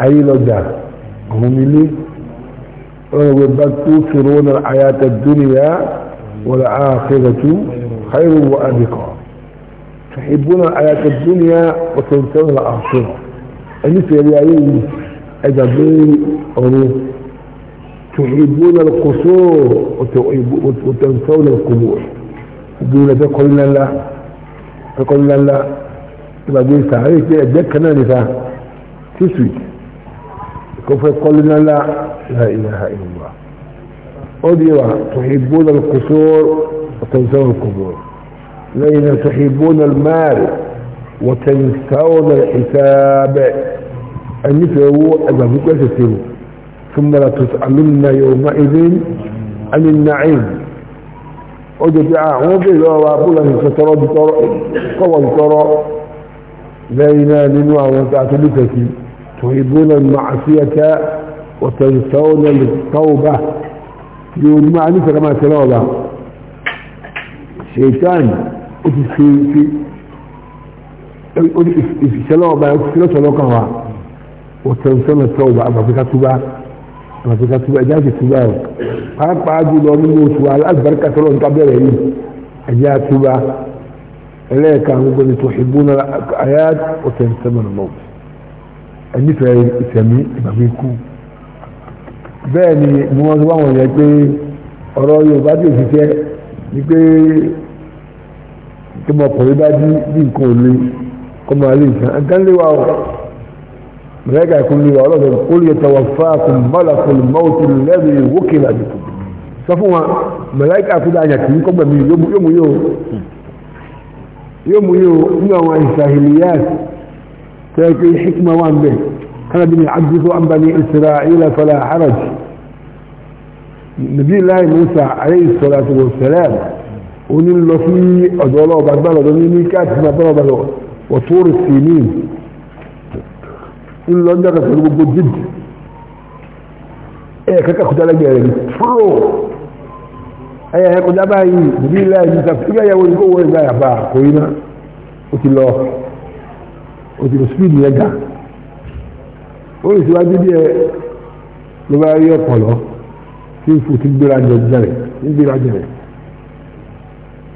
أي لجاء هم اللي وبل توفرون الحياة الدنيا والآخرة خير وأبقى تحبون الحياة الدنيا وتنسون الآخرة أني في ريايين أو أروف تحبون القصور وتنسون القبور دون تقولنا لا تقولنا لا تبقى دي سعيد دي أجاك كمان تسوي كفر قلنا لا لا إله إلا الله أدوا تحبون القصور وتنسون القبور لين تحبون المال وتنسون الحساب أن يفعلوا أبا فكرة ثم لا تسألن يومئذ عن النعيم أدوا بقى وقل وقل أن سترى بطرق قوى بطرق لين ننوى ونسعة لكتي تحبون المعصية وتنسون التوبة يقول ما عليك كما ترى الله يقول في في يقول سلامة في سلامة وتنسون التوبة أما في كتبة أما في كتبة أجاز التوبة فأنا قاعد يقول من يوسف على أكبر كثرون قبل أي أجاز التوبة إليك أن تحبون الآيات وتنسون الموت ẹnifẹ̀ẹ́ ìsẹ̀mí ìgbàgbé kú bẹ́ẹ̀ ni mo mọ́ sọ́wọ́ àwọn yẹn pé ọ̀rọ̀ Yorùbá tí òṣìṣẹ́ ni pé tí mo kọ̀wé bá dí bí nǹkan ò le kọ́ máa lè sàn án tán lé wa o mẹ́rẹ́gà ìkún lé wa ọlọ́dọ̀ kó lè tọwọ́ fún akùn mọ́lá kò lè mọ́ òtún làbí sọ fún wa mẹ́rẹ́gà tó dáa yàtì ń kọ́gbẹ̀mí yóò mú yóò yóò mú yóò nínú àwọn ìsàhìlìyàtì تلك حكمة وان به أنا بني عبده عن بني إسرائيل فلا حرج نبي الله موسى عليه الصلاة والسلام ونين لو في أدولا وبربلا ونين ما بربله وطور السينين إن لو نجد تلقوا جد إيه كاكا كنت لك يا فرو أي هيك قد أبا نبي الله موسى فيها يا قوة يا با كوينا وكي الله òtún speed yẹn ga ó lè síwájú díẹ̀ ló bá rí ọ̀pọ̀lọ́ tí ń fò tí gbéra jẹ jẹrẹ ń gbéra jẹrẹ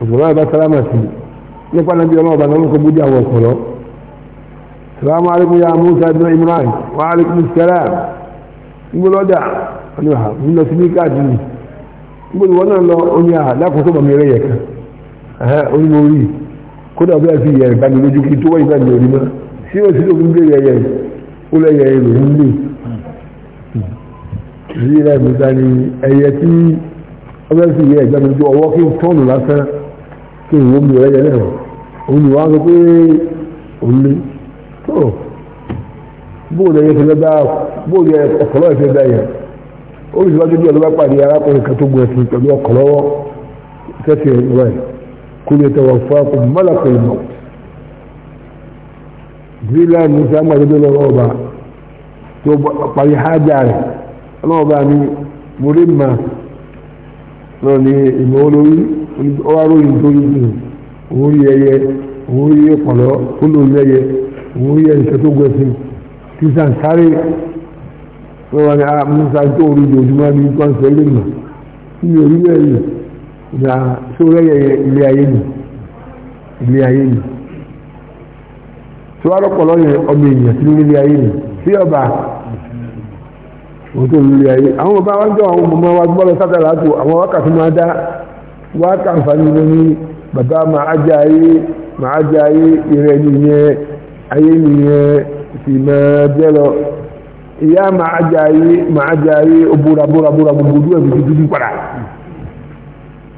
ọ̀pọ̀lọ́ àbá sálámà sí i nípa nàbí ọlọ́wọ́ bá lọ́wọ́ kó bójú àwọn ya musa ibn imran wa wọn lọ sí ní káàdì wọn náà lọ oní lákòóso bàmí yẹ kan onímọ̀ orí kódà a fi yẹ ìbánilójú kí tó ìbánilójú tí ó sì lókun gbé yẹyẹ ó lẹ yẹyẹ lòún lè rí ilẹ̀ mẹ́ta ni ẹyẹ tí ọbẹ̀ sì yẹ ẹ̀gbẹ́ mi tó ọwọ́ kí n tọ́nù lásán kí n wo mi ọ̀rẹ́ yẹn náà òun ni wàá sọ pé òun lè tó bóòlù ẹyẹ fẹlẹ bá bóòlù ẹyẹ ọ̀pọ̀lọ́ ẹ̀fẹ́ bá yẹn ó sì wájú bí ọlọ́ba pàdé arákùnrin kan tó gbọ́ ẹ̀sìn pẹ̀lú ọkọ̀ lọ́wọ́ ẹ̀ lọ́wọ́ ẹ̀ kó tẹ̀wọ̀ fún akọ̀ mọ́lá pẹ̀lú zila musa amadede lọ́wọ́ ọba tó parí hájà rẹ̀ ọlọ́wọ́ ọba ni múrí ma lọ ní ìmọ̀ olórí ọwáròyìn tó yí fún òun rí ẹyẹ òun rí ọ̀pọ̀lọ́ tó lò lẹ́yẹ òun rí ẹ̀ṣẹ́ tó gbẹ̀sìn tí sàn sáré ni ah, ni ni ni. tí wàá lọ́pọ̀lọ́ yẹn ọmọ èèyàn sí nílé ayé ni sí ọba òun tó nílé ayé àwọn ọba wa ń jọ àwọn ọmọ wa gbọ́dọ̀ sátẹ̀lá tó àwọn wákàtí máa dá wákà nfààní lórí bàbá máa jẹ ayé máa jẹ ayé ìrẹ́ nìyẹn ayé nìyẹn sì máa jẹ́ lọ ìyá máa jẹ ayé máa jẹ ayé obúra búra búra gbogbo ojú ẹ̀bùn tuntun bí padà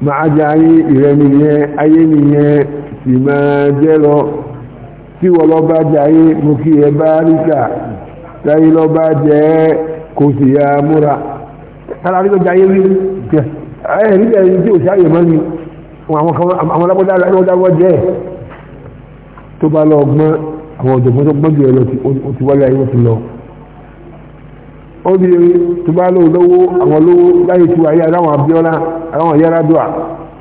máa jẹ ayé ìrẹ́ nìyẹn ayé nìyẹn sì máa jẹ́ lọ tí wọ́n lọ bá jayé mú kí ẹ bá ríkà jayé lọ bá jẹ́ kò sì yá múra sára rí lọ jayé rí jẹ ẹ rí jẹ tí ò sáyè mọ́ ni àwọn alábọ́dá alábọ́dá jẹ́ tó bá lọ gbọ́n àwọn ọ̀jọ̀gbọ́n tó gbọ́n jù ẹ lọ ti wáyé ayé wọ́n ti lọ ó di tó bá lọ lọ́wọ́ àwọn lọ́wọ́ láyé tí wáyé aláwọn abíọ́lá àwọn yàrá dùà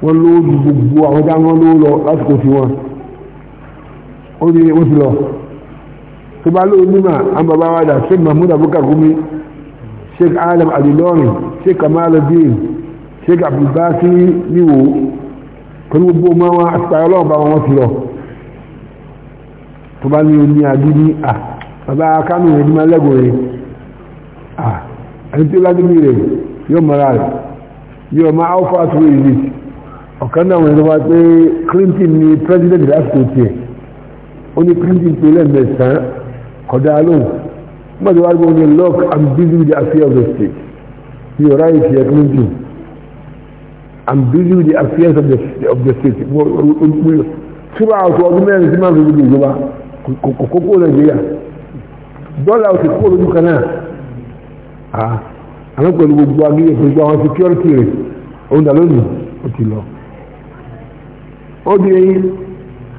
wọ́n lówó gbogbo àwọn dáhùn lówó lọ ó ní wọ́n ti lọ tó bá lóò nímọ̀ àwọn bàbá wa dà sheikh mahmoud abubakar gumi sheikh alam alilorin sheikh kamaluddin sheikh abdulbasi niwo pẹ̀lú gbogbo ọmọ wọn àti pàyọ́ lọ́wọ́ bá wọn ti lọ tó bá ní oní àdíní à bàbá kánú rẹ̀ nímọ̀ lẹ́gùn rẹ̀ à ẹni tí ó rẹ̀ yóò mọ̀ra rẹ̀ yóò máa áwọ́fà tó rẹ̀ yìí ọ̀kan náà wọn ni wọ́n pé clinton ni president lásìkò tiẹ̀ ó ní printing pé lẹ́ẹ̀mẹsàn-án kọ̀dá lóhùn nígbà tó wá gbọ́ ní look i'm busy with the affairs of the state mi ò ráyè tiẹ̀ printing i'm busy with the affairs of the, of the state síbà ọ̀tọ̀ ọdún mẹ́rin sí máa fi gbogbo ìjọba kò kókó nàìjíríà dọ́là ọ̀sẹ̀ kó lójú kan náà àwọn pẹ̀lú gbogbo agbègbè gbogbo àwọn security rẹ̀ òun dà lónìí ó ti lọ ó di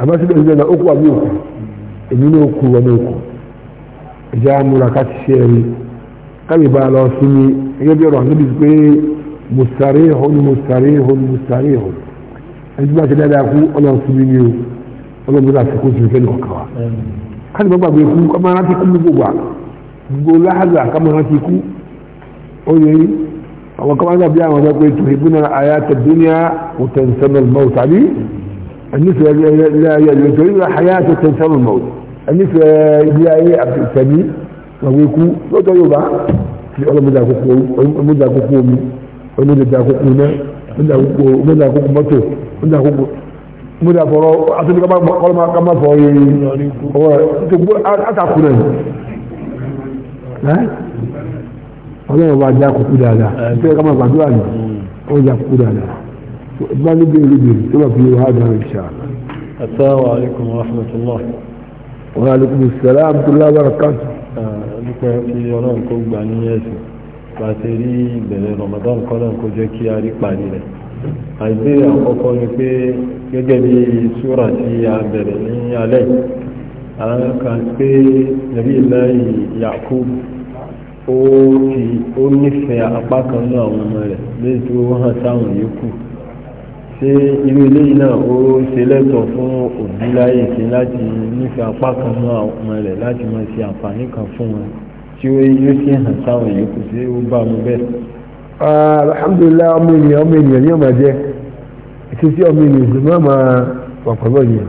àmọ́ síbẹ̀ síbẹ̀ náà ó kú àbí òkú èmi náà kú wọn náà kú ìjà múra ká ti ṣe ẹ̀rí kábí bá a lọ sí ni gẹ́gẹ́ bí ọ̀rọ̀ níbi pé mùsàrí ìhòòhùn mùsàrí ìhòòhùn mùsàrí ìhòòhùn ẹni tí bá ti dáadáa kú ọlọ́run sí mi ni o ọlọ́run bí láti kó sí ìfẹ́ nìkan kan wa kábí bá gbàgbé kú ọmọ arántí kú gbogbo wa gbogbo láhàzà kámọ arántí kú ó yẹ àwọn kọ́mọ́dà bí àwọn ọ̀dọ́ pé tòhìbùnà àyà tẹ̀dúnìà òtẹ̀nsẹ́mẹ̀lmọ́ òtàbí النفع لا يجري حياة تنسى الموت النفع لا يأبتني ويكو لو تيوبا في أولا مدى كفو مدى كفو مي مدى كفو مي مدى كفو مدى كفو مطو مدى كفو مدى فرو أتني كما قال ما كما فوي هو تقول أتعقنا ها ọlọ́run wa jẹ́ àkókò dáadáa ṣé ká máa gbàdúrà ní ọjà àkókò dáadáa bani bèrè bèrè tó في هذا yóò hádà rẹ̀ ṣáàlà. asalaamu alaykum wa rahmatulah. wa alaykum salaam wa rahmatulah wa barakatu. nípa ah, kí ọlọ́run kó gbà ní ẹ̀sìn pàṣẹ rí ìbẹ̀rẹ̀ Ramadan kọ́lọ́n kó jẹ́ kí a rí parí rẹ̀. àìbéèrè àkọ́kọ́ ni pé gẹ́gẹ́ bí súrà tí a bẹ̀rẹ̀ ní alẹ́ àwọn pé nàbí ìlàyé Yakub ó nífẹ̀ẹ́ apá kan náà àwọn ọmọ rẹ̀ lẹ́yìn tó hàn sáwọn yòókù ṣé irú eléyìí náà ó ṣe lẹ́tọ̀ọ́ fún òbí láyè sí láti nífẹ̀ẹ́ apá kan mọ́ àwọn ọmọ rẹ̀ láti máa ṣe àǹfààní kan fún wọn tí ó yóò sì hàn sáwọn èyí kò sí ó bá mu bẹ́ẹ̀. alhamdulilayi ọmọ ènìyàn ọmọ ènìyàn ní ọmọ jẹ ìṣesí ọmọ ènìyàn sì máa ma wà pẹ̀lú ọ̀yàn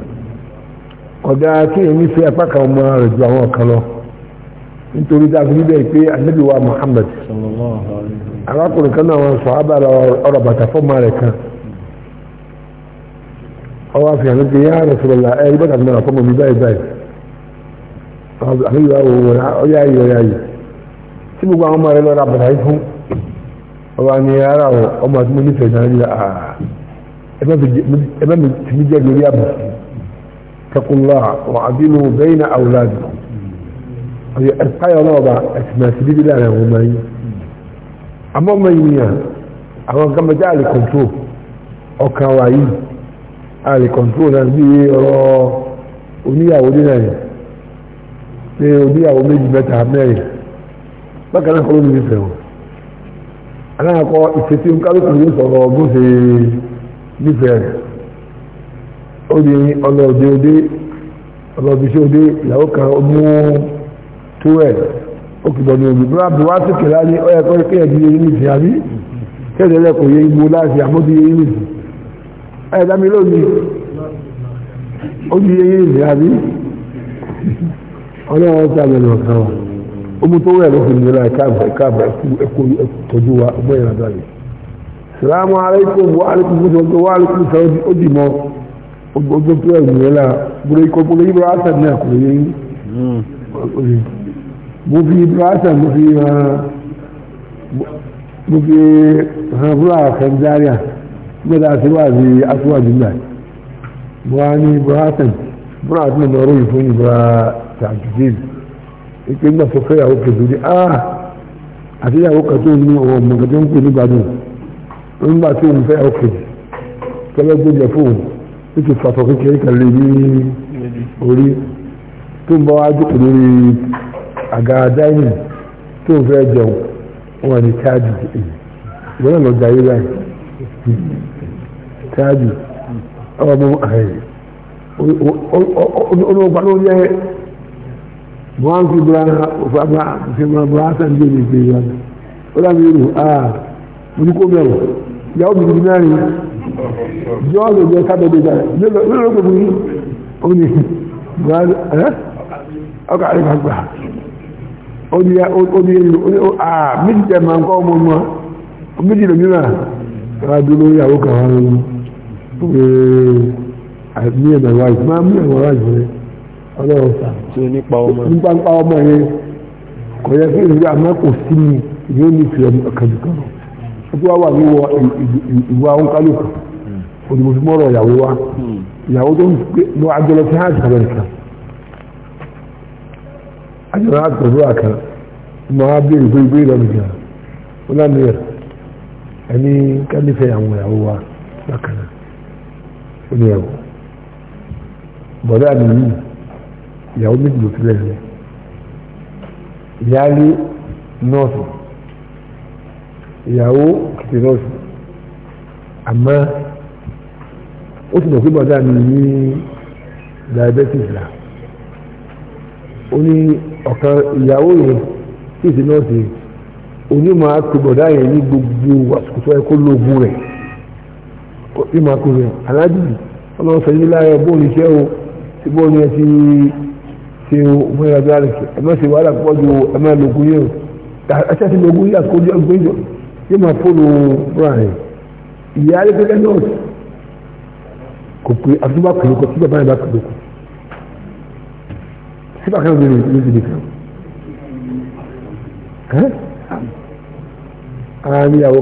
kódà kéèyàn nífẹ̀ẹ́ apá kan mọ́ rẹ̀ ju àwọn kan lọ nítorí dáàbò níbẹ̀ pé anábìwá Muhammad arákùnrin kan náà wọn sọ ọwọ́ fi hàn pé yá Rasulullah ẹ ibẹ̀ tàbí náà fọmọ mi báyìí báyìí àmìyà wo wọ̀nà ọyá yìí ọyá yìí tí gbogbo àwọn ọmọ rẹ lọ́ra bàtà yìí fún ọba ní ara ọ̀ ọmọ àti mo nífẹ̀ẹ́ náà nílẹ̀ àà ẹgbẹ́ mi ti mi jẹ́ lórí àbùkù kẹkùnlá ọ̀ àbínú bẹ́yìn náà àwòrán ọ̀yọ̀ ẹ̀káyọ̀ ọlọ́ọ̀ba ẹ̀sìn àti bíbí láàrin a lè kọ̀ǹtró náà bí ọ̀rọ̀ oníyàwó dínà yìí pé oníyàwó méjì mẹ́ta mẹ́rin bákan náà kọ́ ló ní ìfẹ́ wọn aláàkọ́ ìfẹ́tí ń kálùkù yóò sọ̀rọ̀ bó ṣe nífẹ̀ẹ́ rẹ̀ ó ní ọlọ́ọ̀dẹ́ odé ọlọ́ọ̀dẹ́ṣẹ́ odé ìyàwó kan mú túwẹ̀ ó kì bọ̀ ní omi bí wọ́n bí wọ́n á sì kẹ̀lá ní ọ̀yẹ́kọ́ kéèyàn ti yé yín nìsín àbí kẹ́ẹ̀dẹ́lẹ́kọ̀ọ́ yé ibo láti àmójú yé yín nìsín ẹ̀dámi lónìí ó di eyé ìrìn àbí ọlọ́run ọ̀sẹ̀ àbẹ̀lẹ̀ ọ̀kan wa omi tó wẹ̀ lọ́kùn ní ọlá ẹ̀káàbọ̀ ẹ̀káàbọ̀ ẹ̀kú tọ́jú wa ọgbọ́n yẹn àdá rẹ̀ sàlámù aláìkò wà aláìkò fún ọjọ́ wà aláìkò sọ ó dì mọ́ ojú tó ẹ̀rù rẹ̀ la gbọ́dọ̀ ikọ̀ gbọ́dọ̀ ibùdó àṣà ní àkùrẹ́ yẹn mo fi ibùdó àṣà mo fi hàn uh, mo fi hàn fúlà fẹ́ gbẹ́dà síwáàzí aṣíwájú náà wọ́n á ní ibrahim bọ́nà àti nínú ọ̀rọ̀ yìí fún ibra tajudeen ìpè ńgbà tó fẹ́ yàwó kẹtù ah, ní a àti yàwó kẹtù ní ọ̀rọ̀ mọ̀gàdé ń pè ní gbàdùn ńgbà tó ń fẹ́ yàwó kẹtù tẹ́lẹ̀ gbé jẹ fóun ó ti fàtọ̀ kékeré kan lè ní orí tó wọn táàjù ọmọ olóògbà ló jẹ́ wọ́n fi bùrọ̀ ásán jẹ́ ní ìgbéyà ó dábí ìlú àà mo ní kó mẹ́rọ ìyàwó mi ti mẹ́rin yọ́ lè jẹ́ sábẹ́dẹ́ dára lórí ọgbẹ̀ mi rábí lórí àwọn kan wọn lórí pé àmì ẹ̀mẹ̀ wáyé máa mú ẹ̀wọ̀n wáyé rẹ̀ ọlọ́run sà. tí o nípa ọmọ yẹn. nípa ọmọ yẹn kò yẹ kí ìrírí àmọ́ kò sí mi ìyẹn ní ìfìyà kàdù kan lọ. ó ti wá wà ní ìwà òǹkálùkù òdìbò fi mọ́rọ̀ ìyàwó wa ìyàwó tó ń pè lọ àjọlọ fi hàn sàbẹ̀ nìkan àjọlọ àtọ̀dọ̀ àkàn mo máa béèrè pé ìgbé ìlọ́mìnira ó lá ẹni kánífẹ́ àwọn ìyàwó wa bákan náà ó ní ẹ̀wọ̀ bọ̀dá mi yìí ìyàwó méjì ló fi lẹ́sẹ̀ ìyáálé nọ́ọ̀sì ìyàwó kìtì nọ́ọ̀sì àmọ́ ó ti mọ̀ pé bọ̀dá mi ní diabetes là ó ní ọ̀kan ìyàwó yẹn kìtì nọ́ọ̀sì yẹn onímọ̀ àtúbọ̀dá yẹn ní gbogbo àsìkò ẹ̀kọ́ lóògùn rẹ̀ ìmọ̀ àkùnrin alájìbì ọlọ́run sọ yìí láyọ̀ bóòlù iṣẹ́ o ti bóòlù yẹn ti ṣe òfin ìrìnàjò àrẹ̀kẹ́ ẹ má ṣe wàhálà púpọ̀ ju ẹ má lògùn yẹn o ẹṣẹ́ ti lògùn yìí àsìkò ọjọ́ ìgbé jọ yìí máa fóònù búra ìyá arẹ́gbẹ́gẹ́ a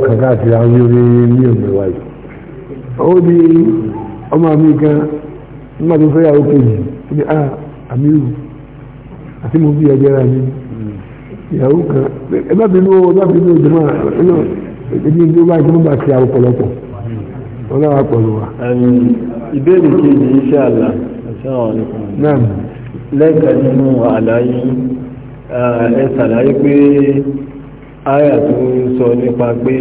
kàkà àti àwọn orí ní òmìnira yìí o ní ọmọ mi kan nígbà tó fẹ́ yàwó kejì ó ní ah amiru àti mo bí ẹgbẹ́ rà mí ìyàwó kan ẹgbẹ́ bínú ọjọ́ bínú ìjọba ẹni tó bá ìjọba bá ti àwòpọ̀lọpọ̀ ọlọ́wà pọ̀lú wa. ìbéèrè kejì iṣẹ́ àlà lẹ́ẹ̀kan nínú àlàyé ah, ẹ ṣàlàyé pé áyà tó ń sọ nípa pé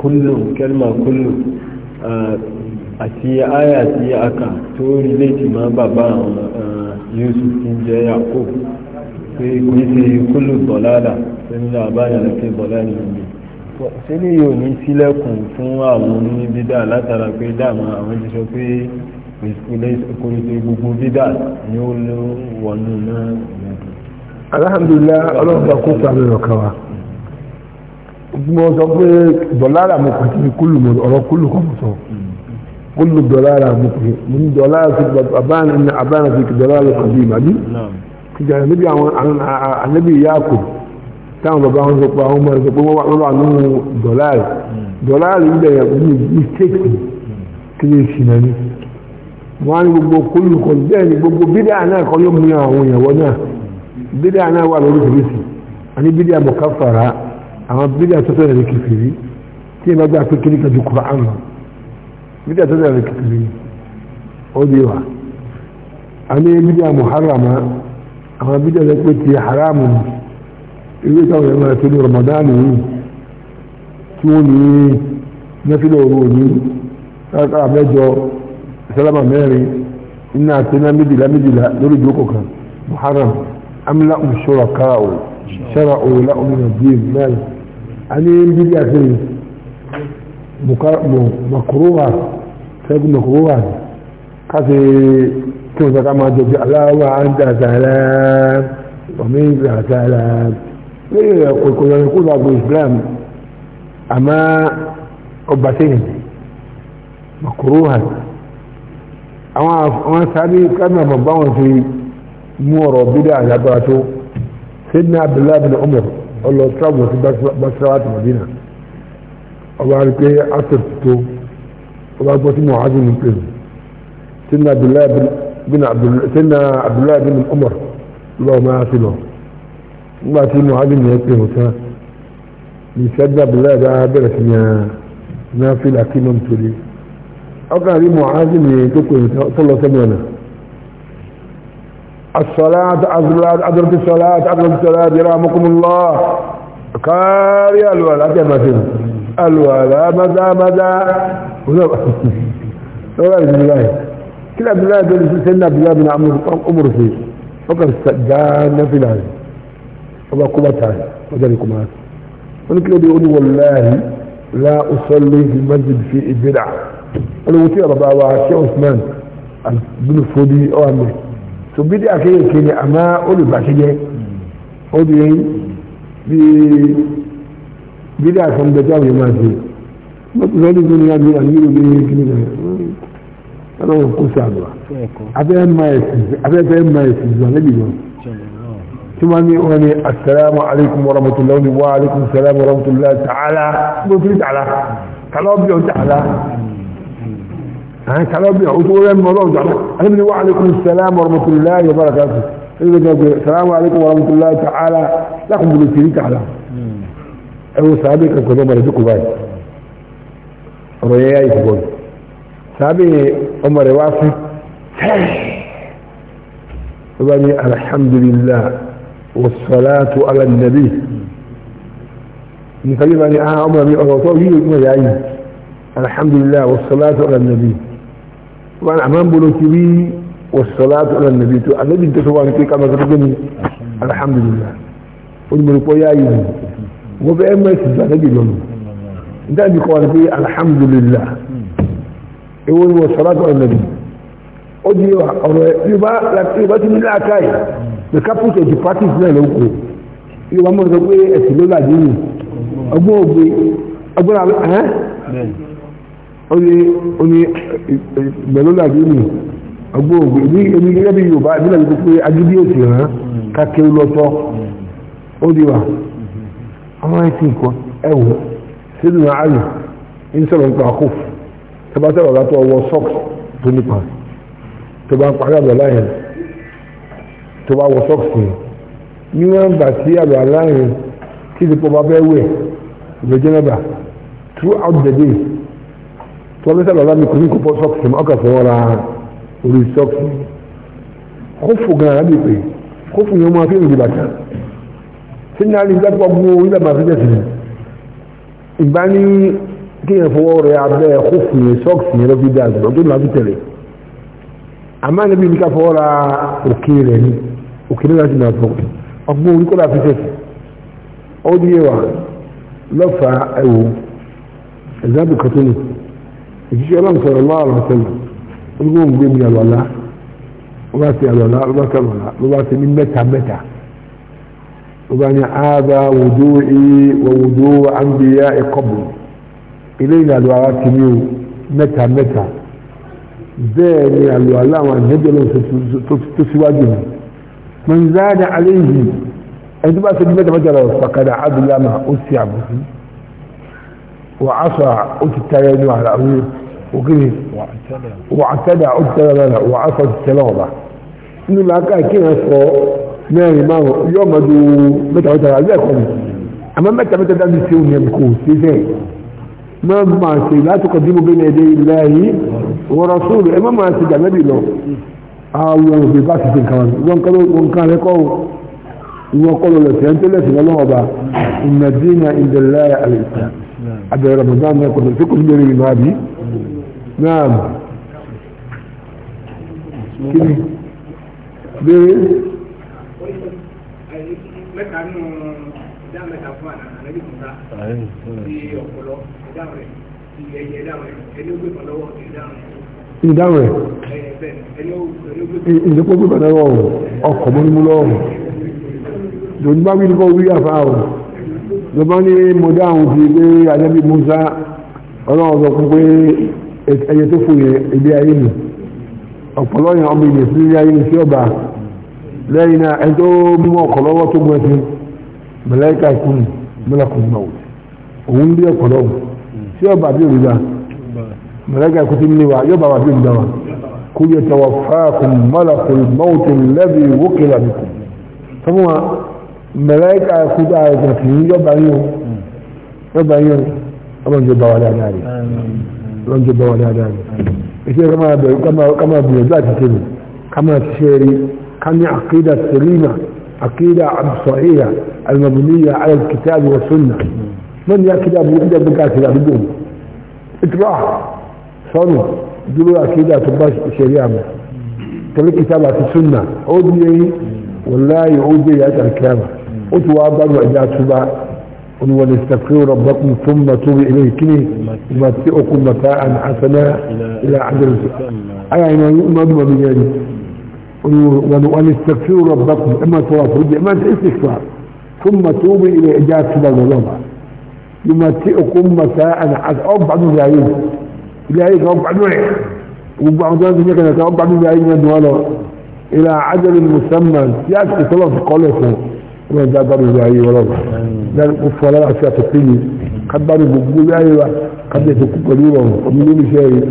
kúlù kẹ́lìmà kúlù àti áyà tí a kà tó rí léèkì má bàbá àwọn Yusuf ti jẹ́ yàkó pé kò ní ṣe kúlù bọ̀ládà sẹ́nìlá àbáyà lẹ́kẹ́ bọ̀lá ní ibi ṣé ní yóò ní sílẹ̀kùn fún àwọn oníbídà látara pé dáàmú àwọn ti sọ pé kò ní ṣe gbogbo bídà ni ó lọ wọnú náà alhamdulillah ọlọ́run kó sáré rẹ̀ kàwá mo sọ pé dọ̀lára mo kò sí kúlù mo ọ̀rọ̀ kúlù kọ́ mo sọ kúlù dọ̀lára mo mo ní dọ̀lára sí sí dọ̀lára bídà náà wà lóríṣiríṣi àní bídà mọ̀káfàrà àwọn bídà tó tẹ̀lé kìfìrí tí ìbá gbà pé kí ní kẹjú kura àmà bídà tó tẹ̀lé kìfìrí ó di wa àní bídà muharrama àwọn bídà tó pé ti haramu ìwé táwọn yẹn máa tó ní Ramadan yìí tí wọ́n ní nẹ́fílẹ̀ òru òní káàkiri àmẹ́jọ sálámà mẹ́rin iná àti iná lórí ìjókòó kan am lahum shuraka'u shara'u lahum min ad-din mal ani bidi afi makruha sabu makruha kafi kun saka ma jobi alawa anta salam wa min za salam ne ya kokoyo ko da islam ama obatin makruha àwọn àwọn sábẹ́ kámẹ́ bàbá wọn mú ọ̀rọ̀ bídà àyàgbára tó sidna abdullahi bin umar sí basirawa ti madina ọba rí pé tó ọba gbọ́ sí muhajir ní pẹ̀lú sidna abdullahi bin abdullahi bin umar lọ́wọ́ nígbà tí muhajir ní pẹ̀lú tán ní sidna abdullahi bá bẹ̀rẹ̀ sí náà fi làkínà nítorí ọkàn rí ní ọ̀nà الصلاة أدرك الصلاة أدرك الصلاة يرحمكم الله قاري الولاء كما فيه الولاء مدى مدى ولا بسم الله كلا عبد الله بن سيدنا عبد الله بن عمر عمر فيه فكر استجان في العالم وما قبتها وذلكم هذا ولكن يقول والله لا أصلي في المسجد في البدع ولو تير بابا شيخ عثمان بن فودي أو أمري so bí díà kéèké ni àmọ́ olùbàṣẹ́jẹ́ obìnrin bí bí díà kan bẹ tí àwọn èèyàn máa ṣe wọ́n ti sọ́ọ́ nígbà nígbà nígbà nígbà nígbà kíni náà ọlọ́run kó sí àgbà abẹ́ máa ẹ̀sìn abẹ́ fẹ́ máa ẹ̀sìn jù àlẹ́ bìbọn tí wọ́n ní wọ́n asalaamu alaykum wa rahmatulahi wa alaykum salaam wa rahmatulahi ta'ala gbogbo tí ta'ala kálọ́ bí ọ̀ ta'ala. يعني كلام يعود الموضوع ده قال وعليكم السلام ورحمه الله وبركاته السلام عليكم ورحمه الله تعالى لكم بالشريك على او أيوة، سابق كده مرجوكم باي رؤيا يقول سابي عمر واسي وبني الحمد لله والصلاة على النبي يقول لي اه عمر بي الحمد لله والصلاة على النبي wọn àmọ́ bolo ti rí wasalaatu ala nabi to ale ta n tẹsán wa ni pé ká máa sọ́kọ́ ní alhamdulilah ó ní mọ̀lẹ́pọ̀ yá yìí ni wọ́n fẹ́ bi lọ́nu E tẹ́ bí kọ́ wa ni pé alhamdulilah ewu ni wasalaatu ala nabi ó e di wa ọ̀rọ̀ yorùbá yorùbá ti ti e oye oye gbẹ̀lọ́lá àdúgbò ọgbọ́n ògbè ní èmi gẹ́gẹ́ bí yorùbá ìbílẹ̀ yìí pé agídí ètò rán kákẹ́ lọ́tọ́ ó di wa àwọn ẹ̀sìn nǹkan ẹ̀wọ̀ sínú ààyè ń sọ̀rọ̀ nípa àkóf tó bá sọ̀rọ̀ látọ̀ ọwọ́ sọ́ọ̀kì tó nípa tó bá ń parí àbọ̀ láyẹn tó bá wọ sọ́ọ̀kì yẹn níwọ̀n gbà sí àbọ̀ láyẹn kí ìdìpọ̀ bá fẹ́ wẹ̀ ìgbẹ́jẹ́ náà bà throughout the day tọ́lá sábà bá mi kò ní kò bọ́ sọ́ọ̀kì mọ́ ọkà fọwọ́ ra orí sọ́ọ̀kì kó fò gan ara bíi pé kó fò yẹn mọ́ afẹ́ ìrìn bàtà sínú àlè ìgbàgbọ́ gbó ilẹ̀ màá fi jẹ́ sí i ìgbà ní kéèyàn fọwọ́ rẹ abẹ́ kó fò yẹn sọ́ọ̀kì yẹn lọ́fi dá àgbà tó lọ́fi tẹ̀lé àmọ́ níbi ní ká fọwọ́ ra òkè rẹ̀ ni òkè rẹ̀ láti nà fọ́ ọgbọ́n orí kó lọ́ fi tẹ̀sí ó dí ẹwà lọ́fà ẹ̀wò ẹ̀zábù kàtónì òṣìṣẹ́ ọlọ́run sọ̀rọ̀ lọ́wọ́ àwọn sẹ́lẹ̀ olùkọ́ òun gbé mi àlọ́lá ló bá ti àlọ́lá ló bá ti àlọ́lá ló bá ti ní mẹ́ta mẹ́ta ló bá ní ààbà wòdó ee wòdó àǹbíyá ẹ̀kọ́ bò ilé ìrìnàlọ́ ara ti ní o mẹ́ta mẹ́ta bẹ́ẹ̀ ni àlọ́lá àwọn àjẹjọ́ lọ́wọ́ tó síwájú mi mọ̀nzáàdà alẹ́ yìí ẹni tó bá ti ní mẹ́ta mẹ́ta lọ fàkàdà àdúgbò ó ti àbùkù wà á sọ ó ti tayẹ inú àlàó وكيف واعتدى اعتدى لنا وعصد السلامة انه لا كان كده يسرى ناري ما يوم دو متى متى عزاكم اما متى متى ده بيسيون يبكو سيزين ما ما سي لا تقدموا بين يدي الله ورسوله اما ما سي النبي له àwọn òfin bá ti ṣe nǹkan wọn kọ́ wọn kan rẹ́kọ́ wọn kọ́ lọ lọ́sẹ̀ ẹni tó lẹ́sìn lọ́wọ́ ọba ìnàdínà ìdẹ̀lẹ́ àlẹ́ ìsìn àbẹ̀rẹ̀ ramadan náà kò lọ sí kò sí lórí ìmọ̀ àbí naam kini béèrè. mẹ́ta nù ìdá mẹ́ta fún àná àlejò kúta ti ọ̀pọ̀lọ ìdá rẹ̀ ti ẹ̀yẹ ìdá rẹ̀ ẹni ó gbé kan lọ́wọ́ ìdá rẹ̀. ìdá rẹ̀ ìdókòwò gbé kan lọ́wọ́ ọkọ̀ mọ́nimú lọ́wọ́ lòdì bá wí ní kó wí àfa o lọ́ba ní mo dá àwọn ti pé adébí Musa ọlọ́run sọ fún pé ẹyẹ tó fò yẹ ebi ayé mi ọ̀pọ̀lọ́ yẹn ọmọ ìyẹn sí ayé mi sí ọba lẹ́yìn náà ẹni tó mú ọ̀kọ̀lọ́wọ́ tó mú ẹsẹ̀ mẹlẹ́kà ìkún mẹlẹ́kùn náà òun bí ọ̀kọ̀lọ́ sí ọba bí òrùlá mẹlẹ́kà ìkún ti ní wa yọba wa bí òrùlá wa kó yẹ tọwọ́ fáàkùn mọ́làkùn mọ́ọ̀tì lẹ́bi wókèlà nìkùn fún wa mẹlẹ́kà ìkún tó àyẹ̀kùn yọba yẹn yọba yẹn ọmọ ìjọba wa dáadáa lọ́n jẹ́ báwa dáadáa ni iṣẹ́ ká máa bẹ̀rù ká máa gbìyànjú àti tèmi ká máa ti ṣe rí ká ní àkídà sèrìmà àkídà àbùsọ̀hìyà alimabuniya alkitabi wa sunna mọ́ni àkídà burúkú jẹ́ bí káàkiri àdúgbò ìtura sọ́nù dúró àkídà tó bá ṣẹ̀rí àmọ́ tẹ̀lé kitabi àti sunna ó di yẹn wọláyé ó di yàtọ̀ kíámà ó ti wá gbádùn ẹ̀já túbá قل ولستبقوا ربكم ثم توب إليه كني يمتئكم متاعا حسنا إلى عدل أي أنا يؤمن وبيجاني ولستبقوا ربكم إما توافرد إما تستكفار ثم توب إلى إجابة الظلام يمتئكم متاعا حسنا أو بعد ذلك إلهيك أو بعد ذلك وبعد ذلك أو بعد ذلك إلى عدل مسمى يأتي صلاة قولة وما جابر الله ولا الله dan kó fún aláàfin àtọ́pẹ́ yìí kábàárù gbogbo yáyé wa kábàárù tó kú pẹ̀lú ìrọ̀rùn ọmọ nínú iṣẹ́ yìí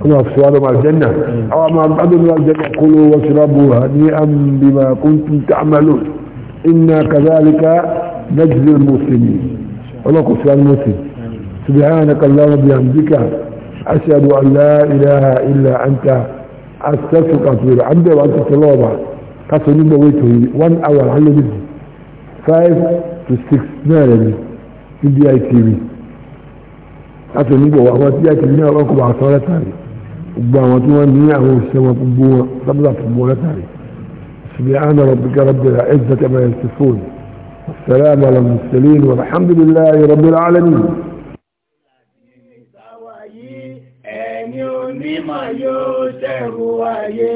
kó máa fi wá lọ́mọ àjẹ́nà àwọn àmọ́ àbádọ́nù àjẹ́nà kó ló wọ́n ṣọlá bò wá ní àmbìmọ̀ kuntum ta'malun inna kadhalika najzi al-muslimin ọlọ́kùn sí àmúsì subhanaka allahumma bihamdika ashhadu an la ilaha illa anta astaghfiruka wa atubu ilayk àbẹ̀wò àti tọ́lọ́ọ̀bà kásán nígbà wẹ́tò yìí one hour hundred five to six náà rẹ̀ ní DITV láti onígbò àwọn DITV náà wọ́n kó bá sọ lẹ́tàrí gbogbo àwọn tí wọ́n ní àwọn òṣìṣẹ́ wọn gbogbo wọn sábà tó gbọ́ lẹ́tàrí سبحان ربك رب العزة ما يصفون والسلام على المرسلين والحمد لله رب العالمين mímọ̀ yóò ṣẹ̀rù ayé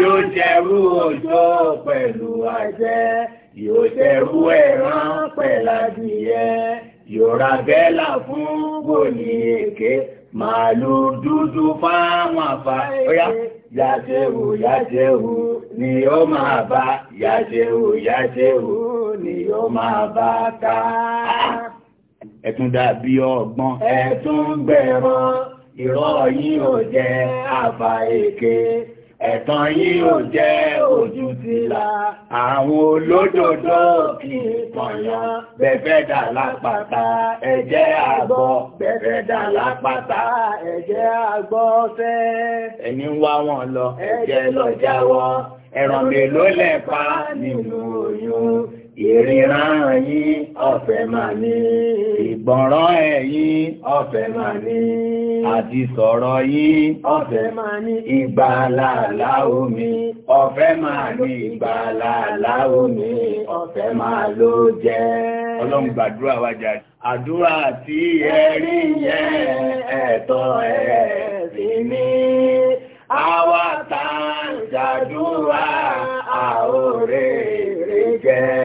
yóò ṣẹ̀rù òjò pẹ̀lú àjẹ́. yóò tẹ̀rú ẹ̀ràn pẹ̀ládìyẹ yóò ra bẹ́là fún wòlí èké màálù dúdú fáwọn àfà ọ̀yá yàjẹ̀wò yàjẹ̀wò ni ó máa bá yàjẹ̀wò yàjẹ̀wò ni ó máa bá ká. ẹ̀tún dàbí ọgbọ́n. ẹ̀tún gbẹ̀rọ ìrọ̀ yín ò jẹ́ àfà èké ẹ̀tàn yìí ò jẹ́ ojú ti la, àwọn olódodo kì í pọ̀nyán bẹ̀fẹ́ dà lápáta ẹ̀jẹ̀ àgbọ̀ bẹ̀fẹ́ dà lápáta ẹ̀jẹ̀ àgbọ̀ fẹ́. ẹni ń wá wọn lọ ẹ̀jẹ̀ lọ jáwọ́ ẹ̀ràn mélòó lẹ́pa nínú oyún ìríran yín ọ̀fẹ́ máa ní ìgbọ̀nrán ẹ̀yin ọ̀fẹ́ máa ní àti sọ̀rọ̀ yín ọ̀fẹ́ máa ní ìgbàlàlà omi ọ̀fẹ́ máa ní ìgbàlàlà omi ọ̀fẹ́ máa ló jẹ́ ọlọ́run gbàdúrà wa jáde àdúrà tí ẹ rí ẹ̀tọ́ ẹ̀ sí ní àwa tá àórè rẹ̀ jẹ́.